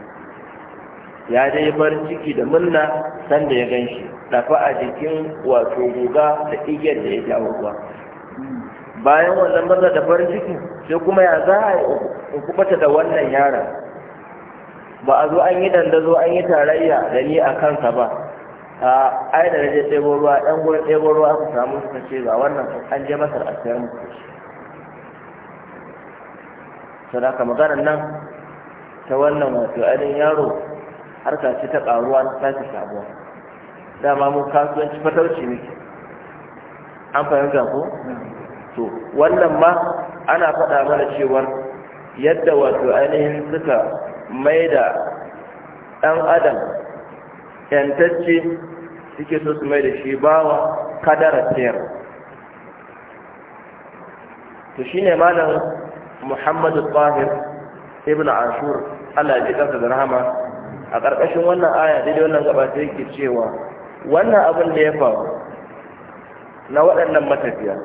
ya dai farin ciki da murna sanda ya gan tafi a jikin wato guga da igiyar da ya jawo ruwa bayan wannan maza da farin ciki sai kuma ya za a in kubata da wannan yaron ba a zo an yi dandazo an yi tarayya da ni a kansa ba a ai da naje ɗebo ruwa ɗan gurin ɗebo ruwa aka samu suka ce ga wannan an je masar a sayar musu sadaka maganar nan ta wannan wato ainihin yaro harka ce ta ƙaruwa ta sake sabuwa dama mu kasuwanci fatauci ne. an fahimta ko to wannan ma ana faɗa mana cewar yadda wato ainihin suka mai ɗan adam yantacce suke so su mai da shi bawa kadara tsayar to shi ne malam muhammadu tsahir ibn ashur allah ya ji da rahama a ƙarƙashin wannan aya daidai wannan gaba yake cewa wannan abin da ya faru na waɗannan matafiya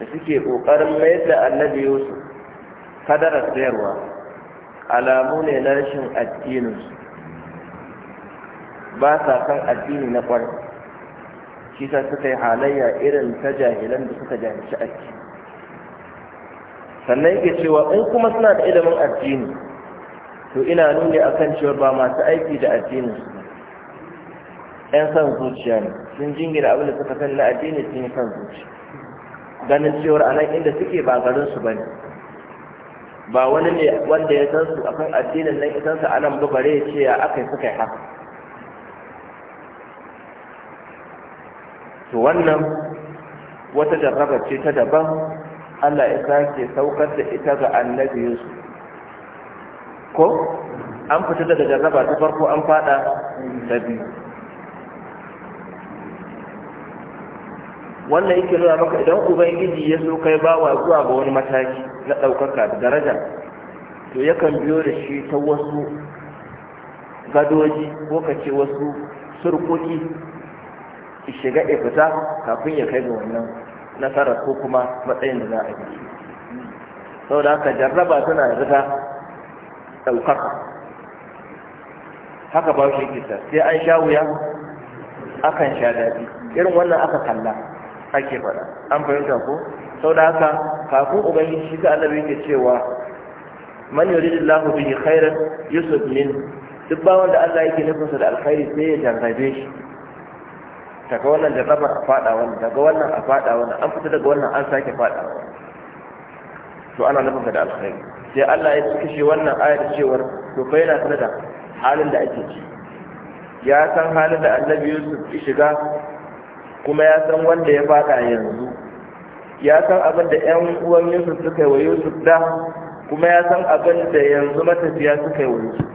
da suke ƙoƙarin mayar da annabi yusuf kadarar sayarwa alamu ne na rashin addininsu ba sa kan addini na ƙwar shi sa suka yi halayya irin ta jahilan da suka jahilci addini sannan yake cewa in kuma suna da ilimin addini to ina nuni akan cewa ba masu aiki da addinin 'yan san zuciya ne sun jingina abin da suka san na addini sun yi san zuciya ganin cewar a nan inda suke ba garinsu ba ne ba wani ne wanda ya san su akan addinin nan ya san su a nan bare ya ce ya aka yi suka yi haka to wannan wata jarraba ce ta daban Allah ya sake saukar da ita ga annabi Yusuf ko an fita daga jarraba ta farko an fada ta biyu wannan yake nuna maka idan ubangiji ya so kai bawa zuwa ga wani mataki na ɗaukaka da daraja to yakan biyo da shi ta wasu gadoji ko ka ce wasu surkuki shiga ya fita kafin ya kai ga wannan nasara ko kuma matsayin da za a yi sau da haka jarraba suna da ta ɗaukaka haka ba shi kisa sai an sha wuya akan sha daɗi irin wannan aka kalla ake faɗa an fahimta ko sau da haka kafin ubangiji shi ga annabi yake cewa man yuridillahu bihi khairan yusuf min duk ba wanda Allah yake nufinsa da alkhairi sai ya jarrabe shi daga wannan jarrabar a faɗa wannan daga wannan a faɗa wannan an fita daga wannan an sake faɗa to ana nufinsa da alkhairi sai Allah ya kashe wannan ayar cewar to fa yana sanar da halin da ake ci ya san halin da annabi yusuf ya shiga kuma ya san wanda ya fada yanzu ya san abin da 'yan uwan yusuf suka yi wa yusuf da kuma ya san abin da yanzu matafiya suka yi wa yusuf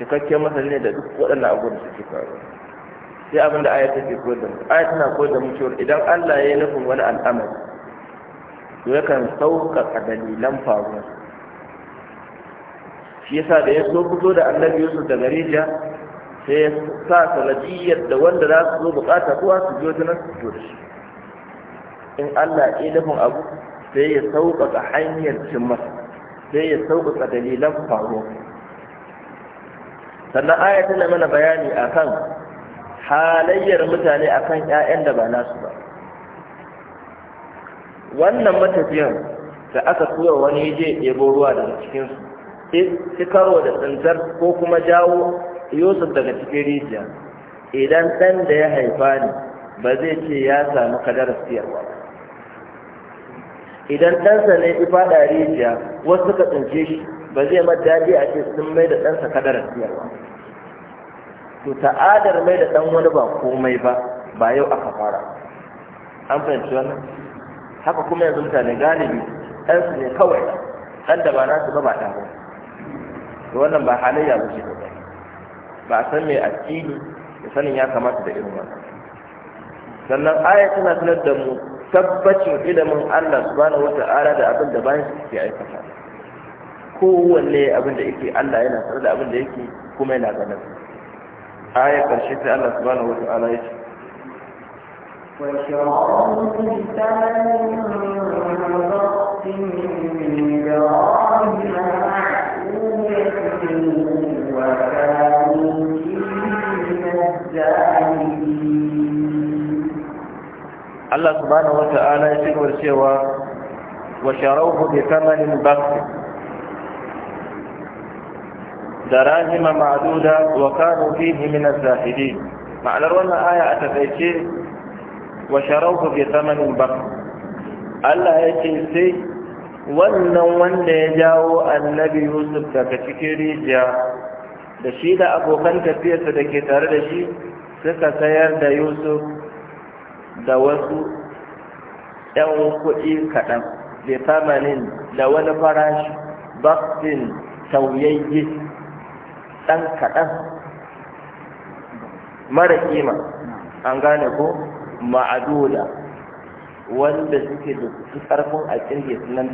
cikakken masani ne da duk waɗannan abubuwan da suke faru sai abin da ayat ke koyar da mu ayat na koyar da mu cewa idan Allah ya yi nufin wani al'amari to kan sauƙaƙa dalilan faruwa shi yasa da ya so fito da annabi yusuf daga rijiya sai ya sa sanadiyyar da wanda za su zo bukata kowa su biyo tunan su biyo da shi in Allah ya nufin abu sai ya sauƙaƙa hanyar cin sai ya sauƙaƙa dalilan faruwa sannan aya tana mana bayani akan halayyar mutane akan ƴaƴan da ba nasu ba wannan matafiyan da aka tura wani je ɗebo ruwa daga cikinsu sai karo da tsintar ko kuma jawo yusuf daga cikin rijiya idan ɗan da ya haifa ni ba zai ce ya samu kadarar siyarwa idan ɗansa ne ya faɗa rijiya wasu suka tsince shi ba zai ma daɗi a ce sun mai da ɗansa kadarar siyarwa to ta'adar mai da ɗan wani ba komai ba ba yau aka fara an fahimci wannan haka kuma yanzu mutane galibi ɗansu ne kawai ɗan da ba nasu ba ba ɗan ba wannan ba halayya ba ce ba ba a san mai addini da sanin ya kamata da irin wannan sannan aya tana sanar da mu tabbacin ilimin Allah subhanahu wata'ala da abin da bayan su ke aikata kowanne abin da yake Allah yana sanar da abin da yake kuma yana ganin aya karshe sai Allah subhanahu wata'ala ya ce وشرعوا بلسان ضغط من دراهم Allah subhanahu wata'ala ya cigaba da cewa wa sharawhu bi thamanin bakhs darahima ma'duda wa kanu fihi min az-zahidin ma'anar wannan aya a takaice wa bi thamanin bakhs Allah ya ce sai wannan wanda ya jawo annabi Yusuf daga cikin rijiya da shi da abokan tafiyarsa da ke tare da shi suka sayar da Yusuf da wasu ‘yan kuɗi kaɗan da tamanin da wani farashi baksin tauyayye ɗan kaɗan mara kima an gane ko ma'adula wanda suke da su ƙarfin a ƙirge su nan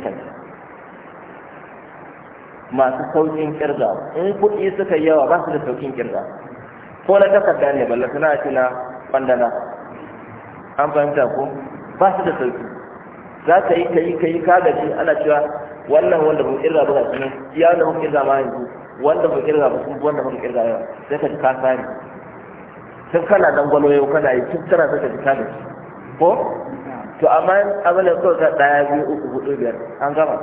masu saukin kirga in kuɗi suka yawa ba su da saukin kirga ko na takarda ne balla suna ce na kwandana an fahimta ko ba su da sauki za ka yi ka yi ka yi ka gaji ana cewa wannan wanda mun kirga ba ga ne ya wanda mun kirga ma yanzu wanda mun kirga ba su wanda mun kirga ba, sai ka ji ka sani tun kana dangwalo yau kana yi tun tana sai ka ji ka gaji ko to amma abin da kawai ka ɗaya biyu uku hudu biyar an gama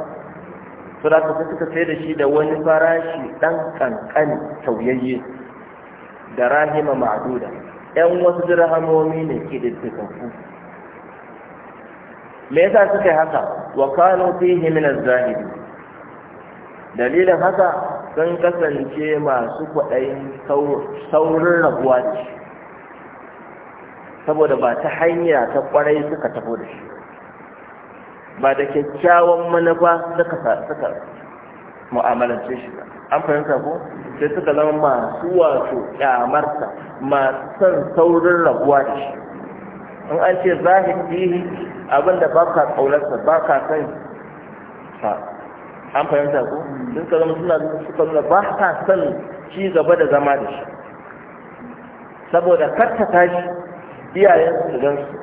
to da ka suka sai da shi da wani farashi ɗan ƙanƙani sauyayye da rahima ma'aduda ‘yan wasu dirhamomi ne ke diddikanku me yasa suka yi haka wa Kano fi himinar zahiri? dalilin haka sun kasance masu kwaɗayin saurin rabuwa da shi saboda ba ta hanya ta kwarai suka tafi da shi ba da kyakkyawan manufa mu'amalance shi ba an fahimta ko sai suka zama masu wato kyamarta masu son saurin rabuwa da shi in an ce zahid abin abinda ba ka kaunarsa ba ka san sa an fahimta ko sun ka zama suna suka nuna ba ka san ci gaba da zama da shi saboda karta shi iyayen su gan su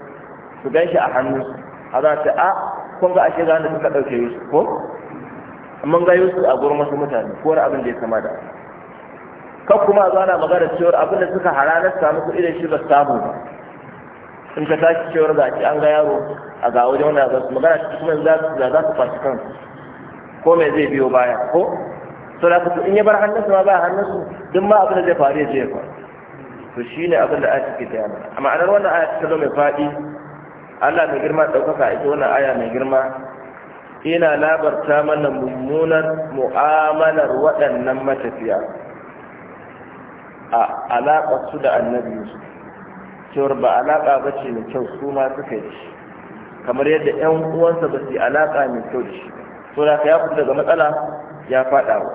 su gan shi a hannunsu a za ta a kun ga ashe gane suka ɗauke yusuf ko amma ga yusu a gurin wasu mutane ko wani abin da ya kama da kan kuma a zana magana cewar abin da suka haranar samu kuɗi da shi ba samu ba in ka tashi cewar ga ci an ga yaro a ga wajen wani abu magana ta kuma za za su fashi kansu ko me zai biyo baya ko to da in ya bar hannunsu ma baya hannunsu duk ma abin da zai faru ya je ya faru to shi ne abin da ake ke tayana a ma'anar wannan aya ta zo mai faɗi Allah mai girma ɗaukaka ita wannan aya mai girma ina labarta mana mummunar mu'amalar waɗannan matafiya a alaƙa su da annabi su cewar ba alaƙa ba ce mai kyau su ma suka yi kamar yadda 'yan uwansa ba su yi alaƙa mai kyau da shi so da ya fita daga matsala ya faɗa wa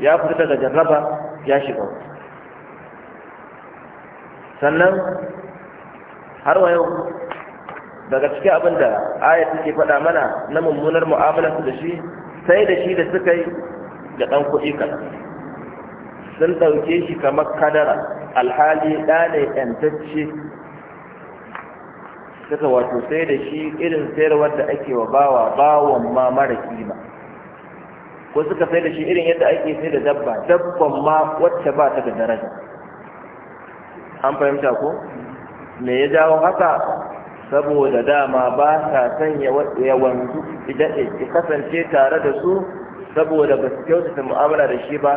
ya fita daga jarraba ya shiga wa sannan har wa yau daga cikin abin da aya take faɗa mana na mummunar mu'amalarsu da shi sai da shi da suka yi da ɗan kuɗi kaɗan sun ɗauke shi kamar kadara alhali ɗa ne ƴantacce suka wato sai da shi irin sayarwar da ake wa bawa bawon ma mara kima ko suka sai da shi irin yadda ake sai da dabba dabban ma wacce ba ta da daraja an fahimta ko me ya jawo haka saboda dama ba sa sanya yawanzu wanzu idan ya kasance tare da su saboda ba su kyautata mu'amala da shi ba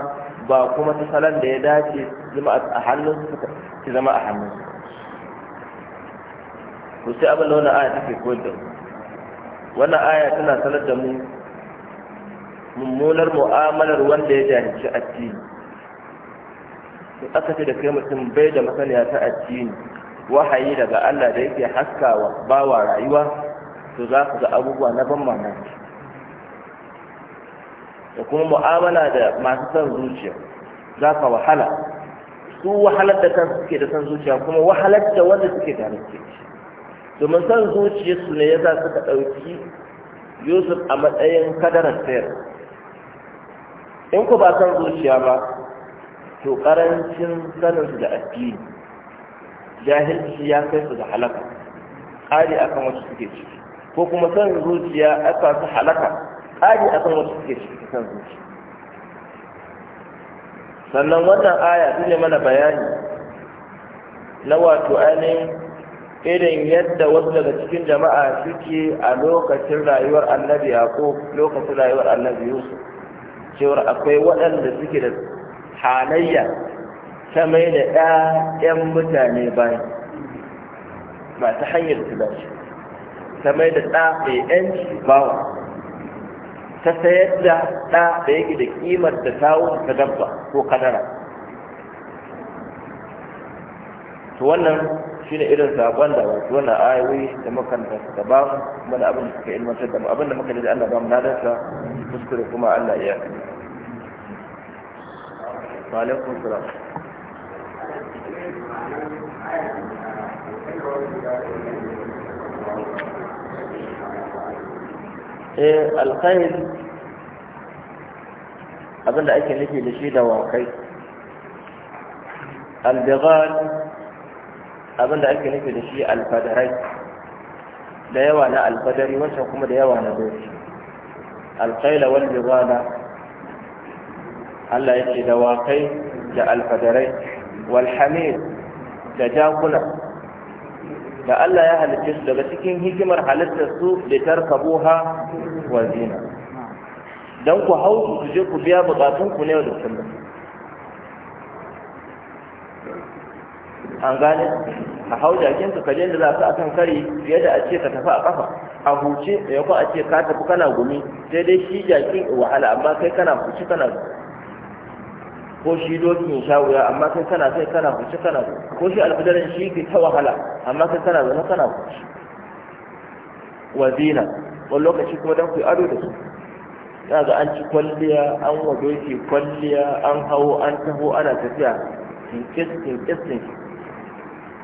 ba kuma ta salon da ya dace zama a hannun su zama a hannun su sai abin da wannan aya take koyar da wannan aya tana sanar da mu mummunar mu'amalar wanda ya jahilci addini in aka ce da kai mutum bai da masaniya ta addini wahayi daga Allah da yake haskawa bawa rayuwa to za ku ga abubuwa na ban mamaki da kuma mu'amala da masu son zuciya za ka wahala su wahalar da kansu suke da son zuciya kuma wahalar da wanda suke da suke domin son su ne ya za suka ɗauki yusuf a matsayin kadarar sayar in ku ba son zuciya ba to ƙarancin saninsu da addini jahilci ya kai su ga halaka ƙari kan wasu suke ciki ko kuma san zuciya aka su halaka ƙari kan wasu suke ciki san zuciya sannan wannan aya ta ne mana bayani na wato ainihin irin yadda wasu daga cikin jama'a suke a lokacin rayuwar annabi ko lokacin rayuwar annabi yusuf cewar akwai waɗanda suke da halayya ta mai da ɗayan mutane bayi ba ta hanyar su dace ta mai da ɗa mai ‘yanci bawa ta sayar da ɗa da yake da ƙimar da tawon ta dabba ko kadara to wannan shi ne irin saƙon da wasu wannan ayoyi da makaranta suka ba mu kuma da abin da suka ilmantar da mu abin da muka da Allah ba mu nadarsa kuskure kuma Allah ya yi. Wa alaikum salam. eh alkhairi abinda ake nufi da shi da wakai albighal abinda ake nufi da shi alfadarai da yawa na alfadari wancan kuma da yawa na doki alkhaila wal bighala Allah yake da wakai da alfadarai wal da jakuna da Allah ya halicce su daga cikin hikimar halittar su da tarkabuha wa zina dan ku hau ku je ku biya bukatun ku ne da kullum an gane a hau jakin ka je da za ka akan kare fiye da a ce ka tafi a kafa a huce da yakwa a ce ka tafi kana gumi sai dai shi jakin wahala amma kai kana fushi kana gumi ko shi dokin sha wuya amma sai kana sai kana kuce kana ko shi alfidarin shi ke ta wahala amma sai kana zama kana kuce wa zina wani lokaci kuma don ku yi ado da su za ga an ci kwalliya an wado doki kwalliya an hawo an taho ana tafiya tinkis tinkis tinkis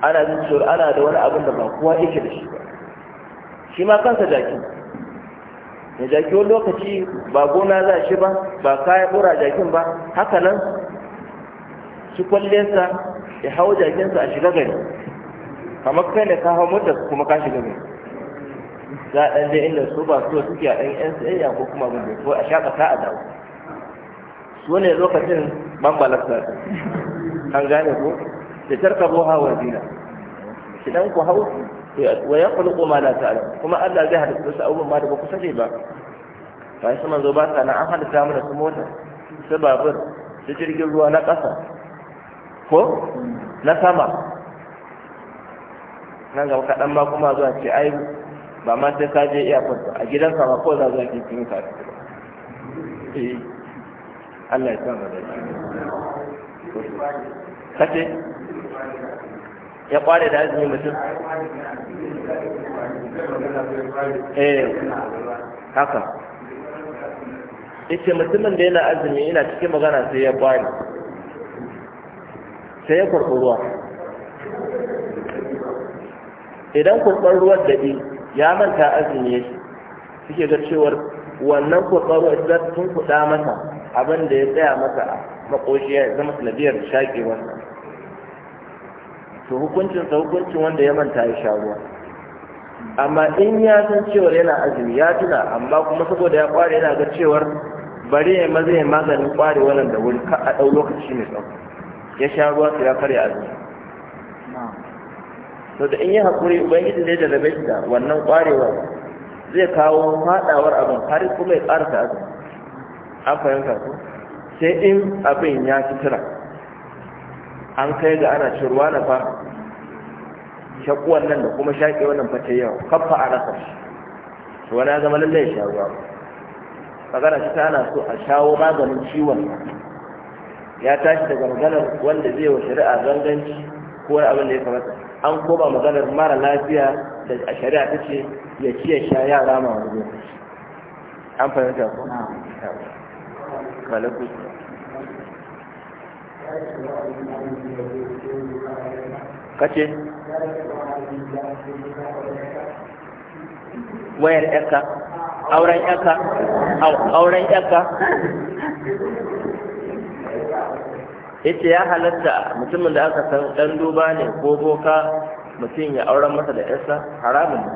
ana jin cewa ana da wani abin da ba kowa yake da shi ba shi ma kansa jaki da jaki wani lokaci ba gona za shi ba ba kaya ƙura jakin ba haka nan ci kwallensa ya hau jakinsa a shiga gari kamar kai ne ka hau motar kuma ka shiga gari za a ɗan inda su ba su suke a ɗan yan tsayayya ko kuma abin da ko a shakata a dawo su ne lokacin ban balasta an gane ko da tarka bo wa zina. shi ɗan ku hau wa ya kulku ma la ta'lam kuma Allah zai halitta su abubuwan ma da ba ku sani ba ba shi zo ba sa na an halitta da su mota su babur su jirgin ruwa na ƙasa ko na sama nan ga kaɗan ma kuma zuwa ce ai ba ma sai ka je iya fasa a gidan sama ko za zuwa ke cikin ka eh. Allah ya san da kace ya kware da azumi mutum eh haka ita mutumin da yana azumi ina cikin magana sai ya kware sai ya kurɓi ruwa idan kurɓar ruwan daɗi ya manta azumi ya suke ga cewar wannan kurɓar ruwa za ta kuɗa masa abin da ya tsaya masa a makoshi ya zama sanadiyar shaƙe wannan to hukuncin sa hukuncin wanda ya manta ya sha ruwa amma in ya san cewar yana azumi ya tuna amma kuma saboda ya kware yana ga cewar bari ya maza ya maganin kware wannan da wuri a ɗau lokaci mai tsawo ya sha ruwa su ya karya azumi to da in yi haƙuri ubangiji zai da rabe da wannan ƙwarewa zai kawo haɗawar abin har kuma ya ƙarasa azumi an fahimta ko sai in abin ya sutura an kai ga ana cin ruwa na fa shaƙu nan da kuma shaƙe wannan fata yawa kafa a rasa shi wani ya zama lallai ya sha ruwa magana shi ta ana so a shawo maganin ciwon ya tashi daga maganar wanda zai wa shari'a zanganci ko wani abin da ya kamata an koma maganar mara lafiya da a shari'a ta ce ya ciye sha yara ma wani lokaci an fahimta ko malakun kace wayar yaka auren yaka auren yaka yace ya halatta mutumin da aka san dan duba ne ko boka mutum ya auren masa da ƴarsa, haramun ne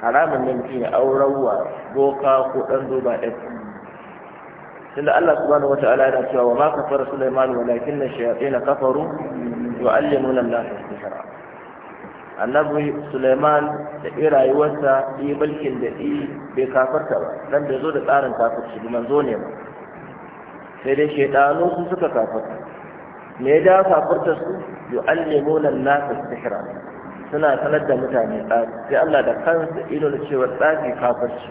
haramun ne mutum ya auren wa boka ko dan duba yarsa tunda Allah subhanahu ta'ala yana cewa wa ma kafara Sulaiman walakinna shayatin kafaru yu'allimuna an-nasa as-sihr annabi Sulaiman da rayuwarsa yi mulkin da yi bai kafarta ba dan bai zo da tsarin kafirci manzo ne ba sai dai shaidanu su suka kafarta me ya da kafarta su yu'allimuna an-nasa sihra suna sanar da mutane tsari sai Allah da kansa ido da cewa tsari kafarci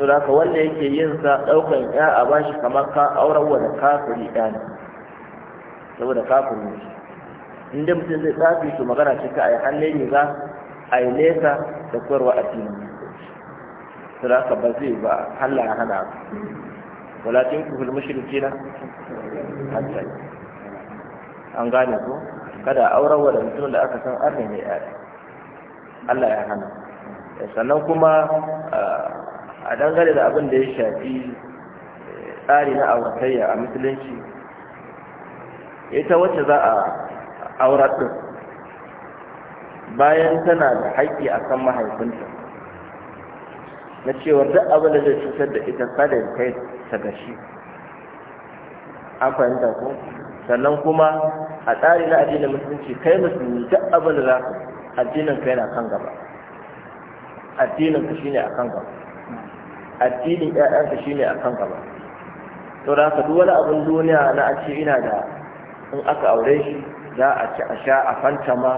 su da wanda yake yin sa daukan ya a bashi kamar ka auren wa da kafiri ɗan saboda kafiri ne Inda mutum zai tsafi su magana cika a yi hannun ne za a yi nesa da koyarwa addinin Su da ba zai ba hannun ya ba. Walakin tinku fil mushrikina an gane ko kada auren wa da mutumin da aka san arne ne ya Allah ya hana sannan kuma a dangane da abin da ya shafi eh, tsari na auratayya a musulunci ita wacce za a aurar din bayan tana da haƙƙi akan mahaifinta na cewa duk abin da zai cutar da ita kada ya kai ta gashi an fahimta ko sannan kuma a tsari na addinin musulunci kai musulmi duk abin da za ka addinin kai yana kan gaba addinin ka shine a kan gaba addinin ka shine a kan gaba to da haka duk wani abin duniya na a ce ina da in aka aure shi za a ci a sha a fanta ma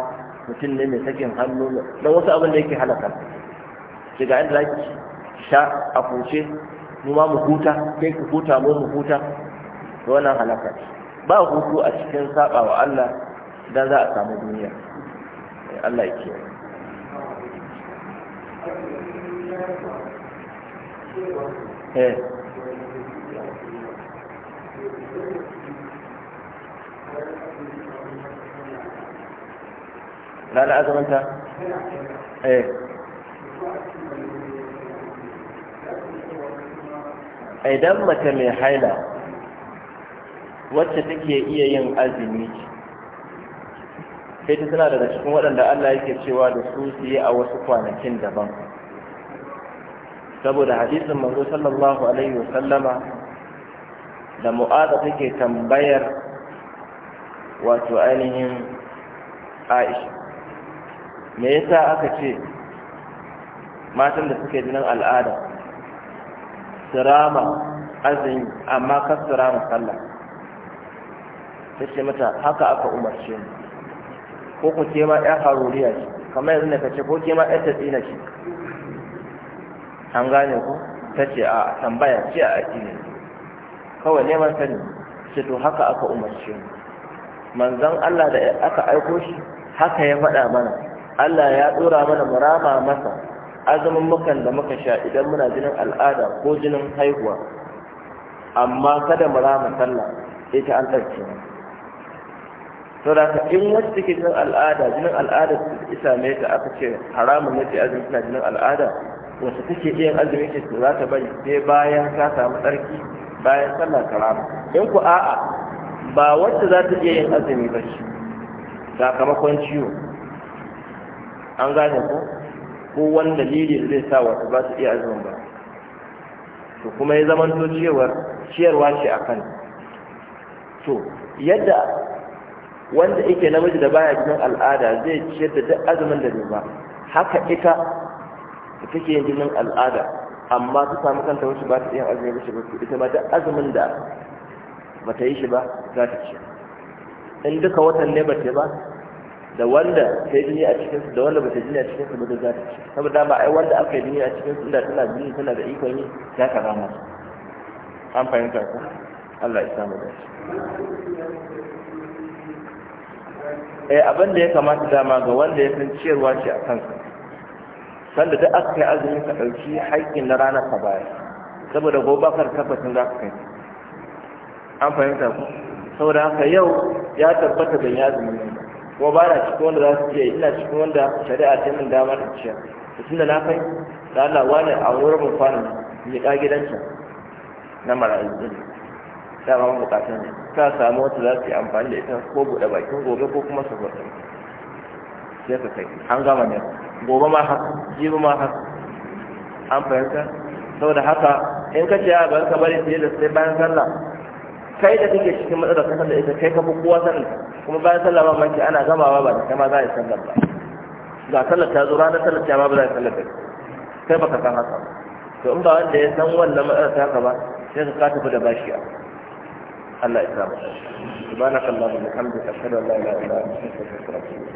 mutum ne mai sakin hannu don wasu abin da yake halaka shiga inda ci. sha a kuce mu ma mu huta kai ku huta mu mu huta da wannan halaka ba hutu a cikin saba wa Allah dan za a samu duniya Allah ya kiyaye eh ranar azumanta eh idan mace mai haila wacce take iya yin azumi sai ta tana daga cikin waɗanda Allah yake cewa da su su yi a wasu kwanakin daban saboda hadisin manzo sallallahu alaihi wa sallama da mu'aza take tambayar wato ainihin Aisha me yasa aka ce matan da suke jinin al'ada sirama azumi amma ka sirama sallah ta ce mata haka aka umarce ni ko ku ce ma ya haruriya ce kamar yanzu ne ka ce ko ke ma ya tafi na ce an gane ku ta ce a tambaya ce a ne. kawai neman sani ce to haka aka umarce ni manzan Allah da aka aiko shi haka ya faɗa mana Allah ya ɗora mana murama masa azumin makan da muka sha idan muna jinin al'ada ko jinin haihuwa amma kada mu rama sallah ita an ɗauke to da ka in wacce take jinin al'ada jinin al'ada su isa mai ta aka ce haramun ne ta azumi jinin al'ada Wasu take iya azumi ce su za ta bari sai bayan ka samu tsarki bayan sallah rama in ku a'a ba wacce za ta iya yin azumi ba shi sakamakon ciwo an gane ku ko wani dalili zai sa wasu ba su iya azumin ba to kuma ya zama to cewar ciyarwa ce a kan to yadda wanda yake namiji da baya cikin al'ada zai ciyar da duk azumin da bai ba haka ita da take yin jinin al'ada amma ta samu kanta wasu ba ta iya azumin da ba ba ita ma duk azumin da ba ta yi shi ba za ta ci in duka watan ne ba ta ba da wanda yi jini a cikinsu da wanda ba ta jini a cikinsu ba da za ta ci saboda ba ai wanda aka yi jini a cikinsu inda tana jini tana da ikon yi za ka rama su an fahimta ku Allah ya samu da shi. eh abin da ya kamata dama ga wanda ya san ciyarwa ce a kansa sanda duk aka kai azumi ka ɗauki haƙƙin na ranar ka baya saboda gobe bakar tabbatin za ka kai an fahimta ku saboda haka yau ya tabbata ban yi azumi ba. kuma ba na cikin wanda za su iya ina cikin wanda shari'a ta min dama da ciya mutum da na kai da Allah wani a wurin mun fara ya ka gidanta na marayu ba mu bukatun ne ka samu wata za su yi amfani da ita ko buɗe bakin gobe ko kuma su gobe sai ka kai an gama ne gobe ma haka jibi ma haka an fahimta saboda haka in ka ce a ban ka bari fiye da sai bayan sallah kai da kake cikin matsalar kasar da ita kai ka fi kowa sanin kuma bayan sallah ba manke ana gamawa ba da kama za a yi sallar ba ga sallar ta zo ranar sallar ta ba za a yi sallar ba kai baka san haka ba to in ba wanda ya san wannan matsalar ta haka ba sai ka tafi da bashi a Allah ya sa mu subhanakallahumma wa bihamdika ashhadu an la ilaha illa anta astaghfiruka wa atubu